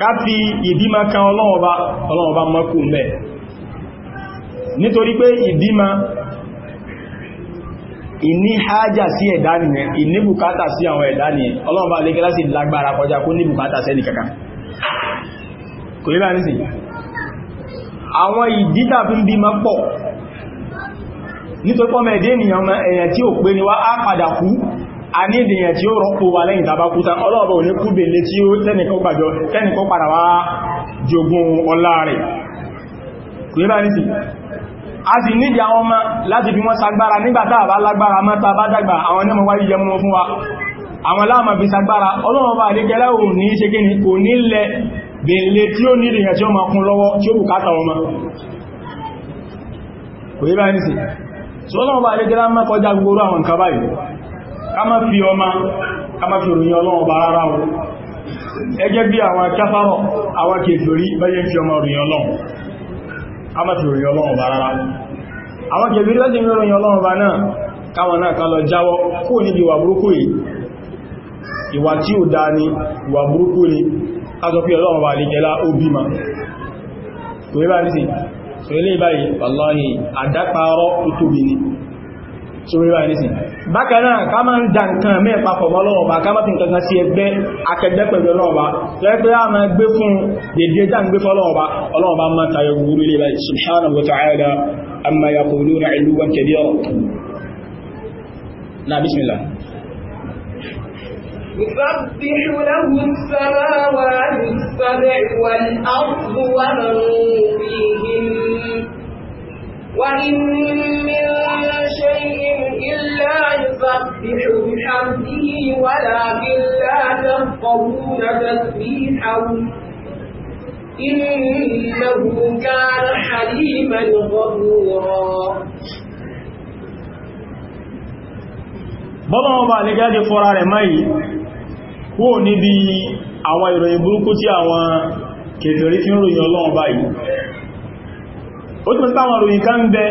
ká fi ìbímọ kan ọlọ́ọ̀bá ọlọ́ọ̀bá mọ́kù mẹ́ nítorí pé ìbímọ ìní hájà sí ẹ̀dá nìyẹn ìní bùkátà sí àwọn ẹ̀dá nìyẹn ọlọ́ọ̀bá lékẹ́ láti lágbára kọjá kó ní bùkátà sẹ́ni kankan kò lébà nísì àwọn ìdítà fi ń bímọ pọ̀ nítorí pọ́mẹ̀dé ènìyàn ẹ̀yàn tí ò pé ni wá á padà kú a ní ìdìyàn tí ó rọ́pò wa lẹ́yìn tàbákúta ọlọ́ọ̀bọ̀ ò ní kúbèlé tí ó tẹ́nìkọ́ padà wá jogun ọlá rẹ̀ kò yíba ní sí a sì nídi àwọn ọmọ láti fi wọ́n sagbára nígbàtà àbá lágbára mọ́ta bá dàgbà àwọn ẹnẹ́mọ̀ wáyé jẹ mọ́ fún wa àwọn láàmà fi sagbára ò ní ṣe kí ni kò nílẹ̀ bèèlè tí ó ẹ̀ tí ó ma kún lọ́wọ́ tí ó bùkátà ọmọ kama fi ọmọ ká má fi òròyìn ọlọ́run bá ara o ẹgẹ́ bí àwọn akẹ́fàrọ̀ àwọn kèfèrí bẹ́yẹ fi ọmọ òròyìn ọlọ́run bá ara àwọn kèfèrí láti fi bá náà káwọn náà lọ jáwọ́ kó ìwà burúkú yìí ìwà tí ó dá ní ìwà burúkú ni ká sọ pé ọlọ́run so wíwá ìrísìn bákanáà ká máa ń dà nǹkan mẹ́ papọ̀ mọ́ ká fi nǹkan sí ẹgbẹ́ akẹgbẹ́ pẹ̀lú Ọba lẹ́gbẹ́ a máa gbé fún dédé dá ń gbé fún Ọlọ́run Ọba Ọlọ́run Ọba máa na bismillah وإن من شيء إلا يسبح بحمده ولكن لا تفقهون تسبيحهم إنه كان حليما غفورا bọ́bá wọn bá ní gájẹ fọ́ra rẹ̀ máyí kó níbi àwọn ìròyìn burúkú tí àwọn kèfèrí fi ń ròyìn ọlọ́run báyìí ó tún táwọn ròyìn kan bẹ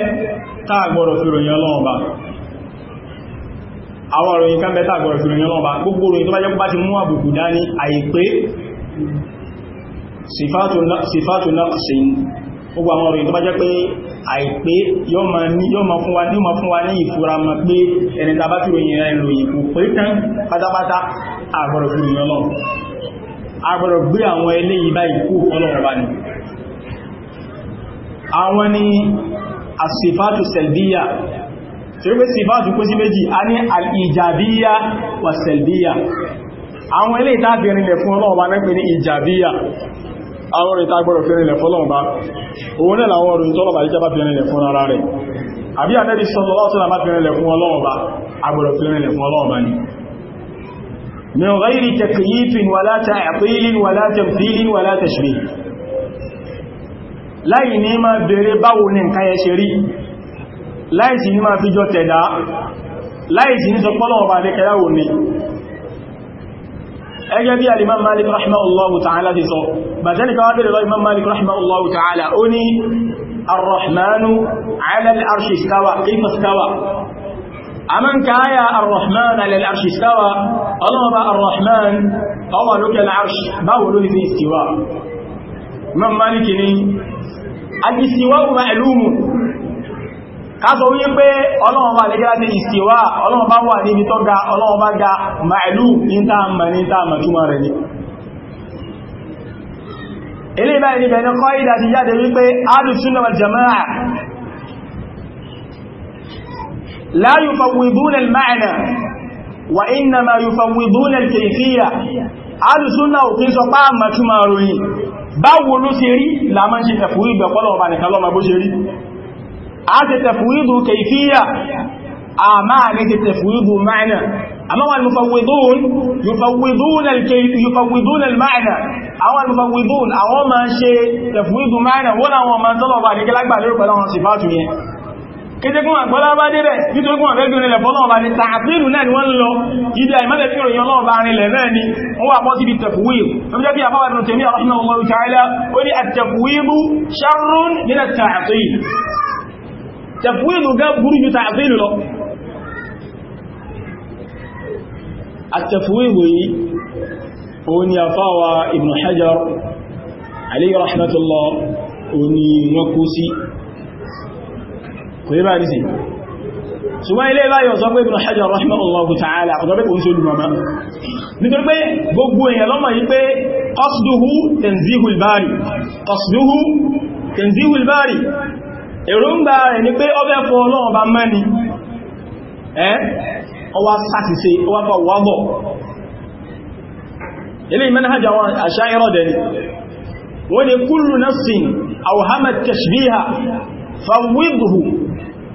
táàgbọ̀rọ̀ fi ròyìn ọlọ́run bá àwọn ròyìn kan bẹ táàgbọ̀rọ̀ fi ròyìn ọlọ́run bá gbogbo ròyìn tó bá jẹ́ bá ti mú àbùkù dání àìpé sífàtò náà ṣe gbogbo àwọn ròyìn tó bá jẹ́ pé àìpé yóò ma fún wa ní ma fún àwọn ni asifatu selbiya tí ó pé sifatu kó sí méjì a ní al'ijabiya wa selbiya àwọn ilé ìtàbírin lè fún ọlọ́ọ̀bá mẹ́pẹ̀ ní ìjàbíyà àwọn orin tágbọ́rọ̀ fẹ́rin lè fún ọlọ́ọ̀bá òun náà àwọn orin tọ́lọ̀bá ìjọba fẹ́rin fún ọlọ́ọ̀bá من غير تكييف ولا تعطيل ولا تمثيل ولا تشبيه láì ní máa bèèrè báwo ní nǹkan yẹ ṣe rí láì sí ní máa fi jọ tẹ̀dá láì sí ní sọpọ́lọ̀ ọba adékẹ́láwò ní ẹgẹ́ bí al-Imam Malik rahimahullahu ta'ala ti sọ bàtẹ́lì kan wábẹ̀rẹ̀ lọ Imam Malik rahimahullahu ta'ala ó ní arrahmanu ala al-arshi istawa kayfa istawa aman kaya arrahman ala al lókè al-arshi báwo lórí fi istiwa Imam Malik ni alìsíwáwù ma'lúmù káàsọ̀ wí pé ọlọ́run bá lẹ́gbẹ́ láti ìsìwá ọlọ́run bá wà níbi tó ga ọlọ́run bá ga ma'lú níta mọ̀ rẹ̀ ní ilé ìbáyìí níbẹ̀ ní kọ́ jáde wípé wal jama'a la wa báwo ló ṣe rí láàmá ṣe tẹ̀fúrídù ọpọlọ ọba nìkan lọ́mọ bó ṣe rí a ṣe tẹ̀fúrídù kẹfíyà a máa ní ṣe tẹ̀fúrídù máìnà àmọ́wà mufawidun yufawidun al-ma'na àwọn mufawidun àwọn máa ṣe tẹ̀fúrídù máìnà wọ́n àwọn ọmọ tọ́lọ̀ ọba nìkan kété kún àgbọ́lá bá débẹ̀ nítorí kún àfẹ́ bíorin lẹ̀fọ́ náà bá ní tààtìlù náà ni wọ́n ń lọ ìdí àìmọ́lẹ̀ tí òròyìn ọlọ́run bá rin lẹ̀ náà ni ó wà pọ́ síbi tẹ̀kùwíl lọ́bí jẹ́ bí àfáwà nù tèmí àwọn ọmọ ọmọ ìtàílá ó ní àtẹ̀kùwílù sharrun nínú tààtìlù wọ́n kú sí kò yí bá ní sí ṣùgbọ́n ilé báyọ̀ sọ pé Ibn Hajar rahimahullahu ta'ala ọ̀dọ́ pé òun sólù mama nítorí pé gbogbo èèyàn lọ́mọ̀ yí pé qasduhu tanzihul bari qasduhu tanzihul bari èròǹgbà rẹ̀ ni pé ọbẹ̀ fọ́ ọlọ́run bá mẹ́ni ẹ́ ọwá sàtìsẹ́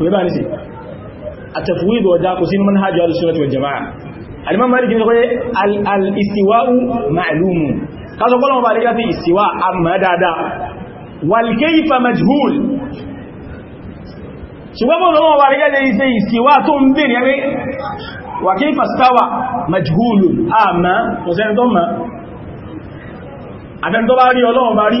kò yẹ bá ní sí àtẹ̀fúwìdì ọjà kò sí manhajj alùsùnàtì wal jama'a alimam malik ní kọ́yẹ́ al-istiwa'u ma'lumu kásọ kọ́lọ̀mọ̀ bá lẹ́gbẹ́ istiwa amma dáadáa wal kayfa majhul ṣùgbọ́n lọ́wọ́ bá lẹ́gbẹ́ iṣẹ́ istiwa tó ń bèèrè ẹgbẹ́ wa kayfa stawa majhul amma kò sẹ́ni tó mọ̀ àtẹ́ntọ́ bá rí ọlọ́wọ́ bá rí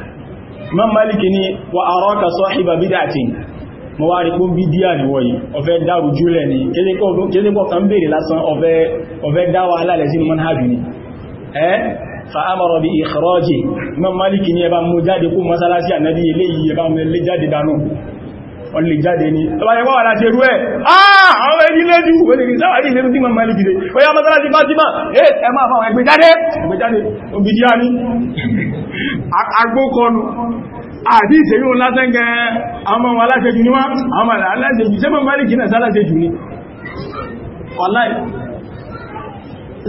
ma maliki ni wa araka sahiba bid'atin mo wá rí pún bídíà níwọ̀ yìí ọ̀fẹ́ dáru jùlẹ̀ ni kéníkọ̀ kan bèèrè lásán ọ̀fẹ́ dáwà alálẹ̀ sí manhajì ni ẹ́ fa'amọ̀rọ̀ bí ìkọrọ́jì ma maliki ni ẹba mú jáde kún masalasi ànábí eléyìí ẹba mú jáde dánú wọ́n lè jáde ní tọ́báyẹwà wà láti ẹrú ẹ̀ ah! àwọn ẹni lẹ́jú wẹ́lẹ̀rí sáwàrí ìlérú tí wọ́n mẹ́lì fìdé ó yá mọ́sára ti fátímà eh, ẹ máa fáwọn ẹgbẹ́ jáde ẹgbẹ́ jáde òbìdí àní agbókọnu àti ìṣẹ́yí òun lásán gẹ àwọn ọmọ aláṣẹ́jù ní wá àwọn aláṣẹ́jù sẹ́mọ̀ mẹ́lì kìí náà sálàṣẹ́jù ní wàláì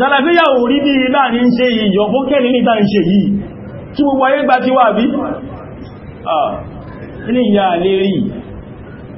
sálàfíyà ò rí bí láàrin ṣe ìyọ̀fókẹ́ ní ìdá ń ṣe yìí kí gbogbo ayé gbá ti wà bí ah. ilé ìyà lérí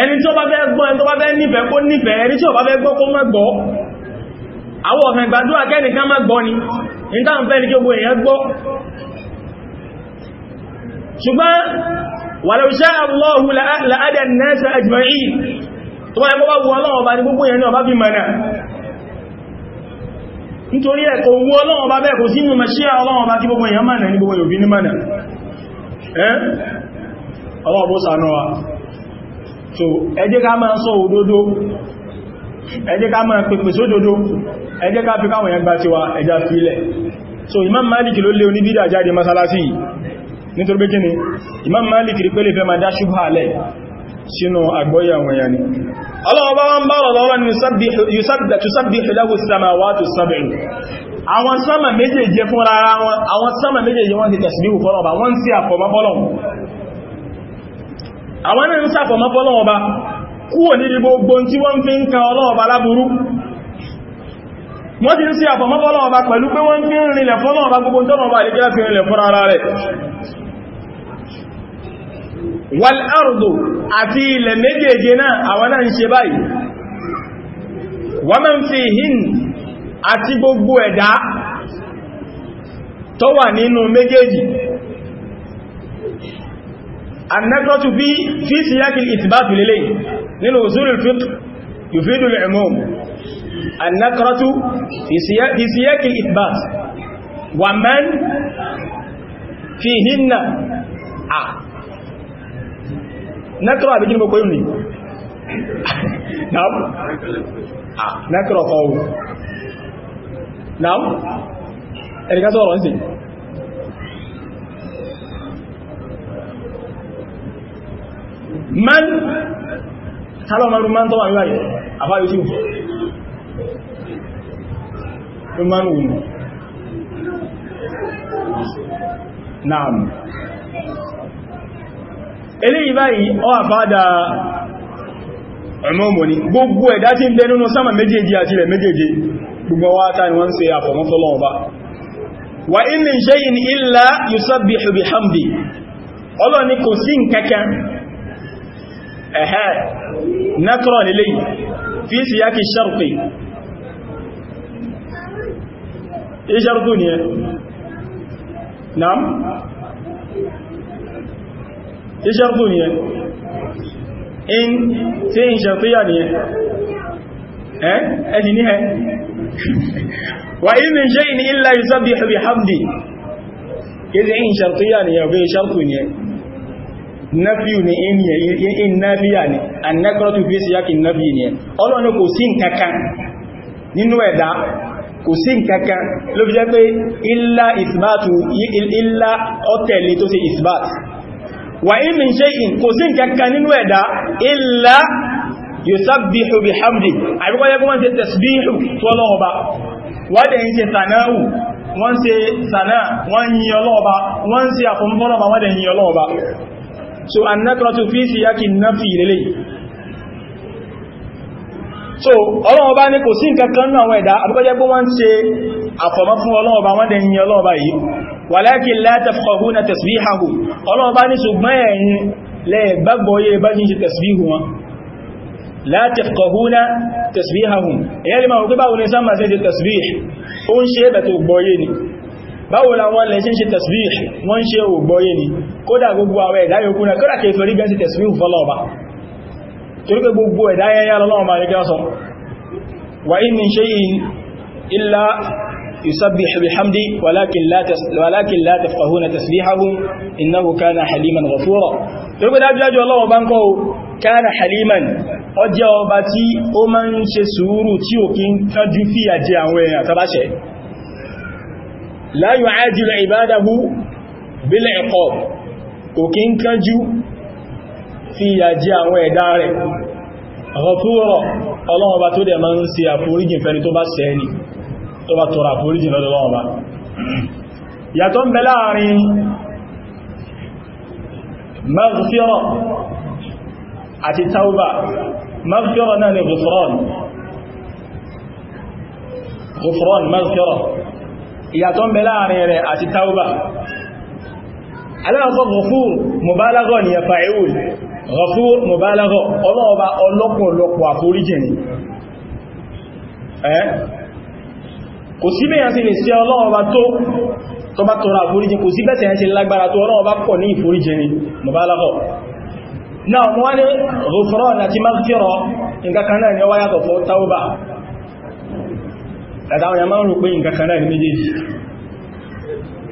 ẹni tí ó bá fẹ́ gbọ́ ẹni tó bá fẹ́ nífẹ̀ẹ́ kó nífẹ̀ẹ́ ẹni tí ó bá fẹ́ gbọ́ kó má gbọ́ àwọn ọ̀fẹ́ gbàdúrà kẹ́nìkan má gbọ́ ni ìtàǹfẹ́ ni kí gbogbo èèyàn gbọ́ ṣùgbọ́n walau sha'a Allahu la'ada náà so ẹ jẹ́ ká máa sọ òdodo ẹ jẹ́ ká máa pèpè sódodo ẹ jẹ́ ká fi káwọn yẹn gba tiwa ẹja filẹ̀ so Imam Malik ló lé oníbídà jáde masalasi nítorí pé kíni Imam Malik rí pẹ́lẹ̀ fẹ́ ma dá ṣubha alẹ́ sínú àgbọ́yà wọn yà ni ọlọ́wọ́ bá wọ́n bá rọ̀lọ́rọ̀ ni yusabbihu lahu samawatu sab'u àwọn sámà méjèèje fún rárá wọn àwọn sámà méjèèje wọ́n ti tasbihu fọ́lọ́ba wọ́n sí àfọ́mọ́ fọ́lọ́wọ́ àwọn náà ń sàfọ̀mọ́fọ́ ọlọ́ọ̀ba kúrò níbi gbogbo tí wọ́n fi ń kan ọlọ́ọ̀ba láburú wọ́n ti ń sí àfọ̀mọ́fọ́ ọlọ́ọ̀ba pẹ̀lú pé wọ́n fi ń rinlẹ̀ fọ́lọ́ọ̀ba gbogbo ara gbogbo tó wà nínú méjèèjì annẹ́kọ́tù bí fi síyákìl ìtìbátù lélẹ̀ nínú usulul fiqh yufidu al-umum annẹ́kọ́tù fi síyákìl ìtìbátù wà mẹ́n fi hinna a nẹ́kọ́rọ̀ àbíkí mọ́ kóyún ni náà nẹ́kọ́rọ̀ kọ́wọ́ náà ẹ̀rẹ́kásọ́rọ̀ man tàbí ọmọ man tó wà ní báyìí àfáyé tí ó tó man wù náà eléyìí gbogbo ẹ̀dá tí ń bẹ nínú sámà méjèèjì gbogbo wá tàà ni wọ́n ṣe àfọ̀mọ́fọ́lọ́wọ́ bá wà in min illa ni kò sí أها نكرا للي في سياق الشرقي ايش جرقوني نعم ايش جرقوني إن في سين شرقياني ها أدينيها وإن من شيء إلا يسبح بحمدي إذا إن شرقياني أو في شرقوني nafiyu ni in nafiya ni annakaratu fi siyakin nafiyu ni ọlọ́ni kò sí nkankan nínú ẹ̀dá kò sí nkankan ló fi jẹ́ pé illa isbatu illa ọ̀tẹ̀lé tó sí isbat wa in min shay'in kò sí nkankan nínú ẹ̀dá illa yusabbihu bihamdi àbíkọ́ yẹ kó wọ́n ṣe tasbihu tó ọlọ́wọ́ ba wọ́n dẹ̀ ń ṣe sanáwù wọ́n ṣe sanáà wọ́n yí ọlọ́ọ̀ba wọ́n ṣe àfọ́nfọ́lọ́ba wọ́n dẹ̀ yí ọlọ́ọ̀ba so annakratu fi siyaki nafi lele so ọlọ́run ọba ní kò sí nǹkan kan náà àwọn ẹ̀dá àbúkọ́jẹ́ pé wọ́n ń ṣe àfọ̀mọ́ fún ọlọ́run ọba wọ́n dẹ̀yìn ọlọ́run ọba yìí walakin la tafqahuna tasbihahu ọlọ́run ọba ní ṣùgbọ́n ẹ̀yin lẹ́ẹ̀gbàgbọ́yé bá ní ṣe tasbihu wọn la tafqahuna tasbihahum báwo làwọn lè ṣe ń ṣe tasbih wọ́n ṣe ògbọ́yé ni kódà gbogbo àwọn ẹ̀dá yòókù náà kódà kèfè orí gẹ́sì tasbih fọ́lọ́ọ̀bá torí pé gbogbo ẹ̀dá yẹnyà lọ́wọ́ ma ní gẹ́sọ wa in min shay'in illa yusabbihu bihamdi walakin la tafqahuna tasbihahum innahu kana haliman ghafura torí pé dájúdájú ọlọ́wọ́ bá ń kọ́ kana haliman la yu'ajilu ibadahu bil iqab kò kí ń kánjú fi yàjí àwọn ẹ̀dá rẹ̀ ghafura ọlọ́wọ́ bá tó dẹ̀ máa ń ṣe àforíjìn fẹ́ni tó bá sẹ́ni tó bá tọrọ àforíjìn lọ́dọ̀lọ́wọ́ bá ìyàtọ̀ ń bẹ láàrin rẹ̀ àti tauba aláàkọ́ ghafur mubalaghah ni fa'il ghafur mubalaghah ọlọ́ọba ọlọ́pọ̀lọpọ̀ àforíjì ni kò sí bẹ́yàn sí lè sí ọlọ́ọba tó tó bá tọrọ àforíjì kò sí bẹ́sẹ̀ àtàwọn yàmá rò pé nǹkan náà ní méjèèjì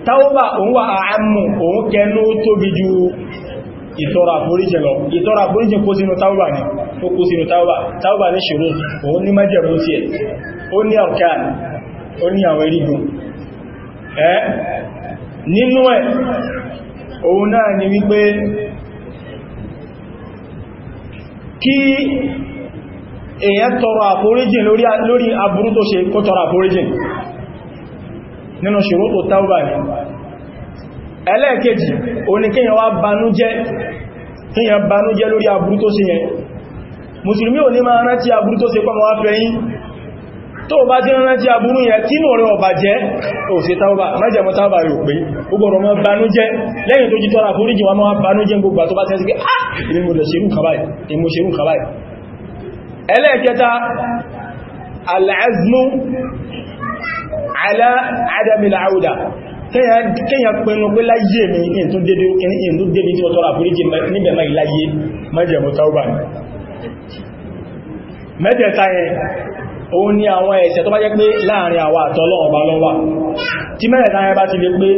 tàúbà òun wà àámù òun kẹnu tóbi ju ìtọrọ àforíjì lọ ìtọrọ àforíjì kó sínú tàúbà ní ó kó sínú tàúbà ní ṣòro òun ní májẹ̀mú sí ẹ̀ ó ní ọ̀kan ó ní àwọn erigun ẹ́ nínú ẹ̀ òun náà ni wípé kí èyàn tọrọ àforíjìn lórí aburú tó ṣe kó tọrọ àforíjìn nínú ṣurutu tawba ni ẹlẹ́ẹ̀kejì ó ní kíyàn wá banújẹ́ kíyàn banújẹ́ lórí aburú tó ṣe yẹn mùsùlùmí ò ní máa rántí aburú tó ṣe pọ́mọ́ wá fẹ́yìn tó bá ti rántí aburú yẹn tí mò rẹ̀ ọ̀bà jẹ́ ò sí tawba mẹ́jẹ̀mọ́ tawba rẹ̀ pé gbogbo ọmọ banújẹ́ lẹ́yìn tó jí tọ́ra foríjìn wọn máa banújẹ́ gbogbo àtọ́bá ẹlẹ́ẹ̀kẹta al'azmu ala adamil auda kíyàn pinnu pé láyé mi ìtún débi tí ó tọ́rọ àforíjì níbẹ̀ máa láyé mẹ́jẹ̀mú taubá ni mẹ́tẹ̀ẹ̀ta yẹn òun ni àwọn ẹ̀ṣẹ̀ tó bá jẹ́ pé láàrin àwa àtọ́lọ́wọ́ bá lọ́wà tí mẹ́rẹ̀ta yẹn bá ti lè pé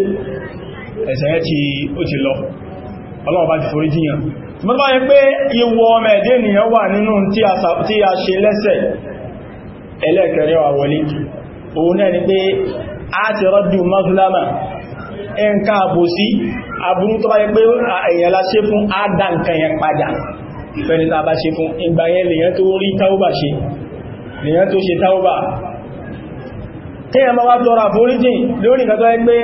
ẹ̀ṣẹ̀ yẹn ti ó ti lọ ọlọ́wọ́ bá ti forí jíyàn mọ́ bá yẹ pé ìwọ ọmọ ẹ̀dẹ́ ènìyàn wà nínú tí a ṣe lẹ́sẹ̀ ẹlẹ́ẹ̀kẹrẹ wà wọlé òun náà ni pé a ti rọ́dù mazlama ẹnká àbòsí aburú tó bá yẹ pé èèyàn la ṣe fún ádá nǹkan yẹn padà fẹ́ni tá a bá ṣe fún ìgbà yẹn lèyàn tó rí táúbà ṣe lèyàn tó ṣe táúbà kíyàn máa wá tọrọ àforíjìn lórí nǹkan tó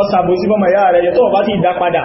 ọsàbòsí bọ́mọ̀ yára rẹ̀ tó bá ti dá padà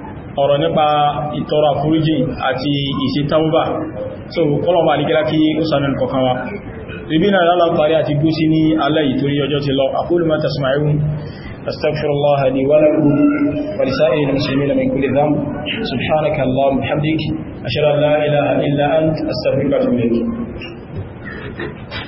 ọ̀rọ̀ nípa ìtọrọ àforíjì àti ìṣẹ́tàwọ́bà so kọlọ̀bà nígbàlá kí ó sànà kọ̀kan wa ibi na lọ́lọ́ parí àti bú sí ní alẹ́ ìtorí ọjọ́ ti lọ aqulu ma tasma'un astaghfirullah li wa lakum wa lisa'iril muslimina min kulli dhanb subhanaka allahumma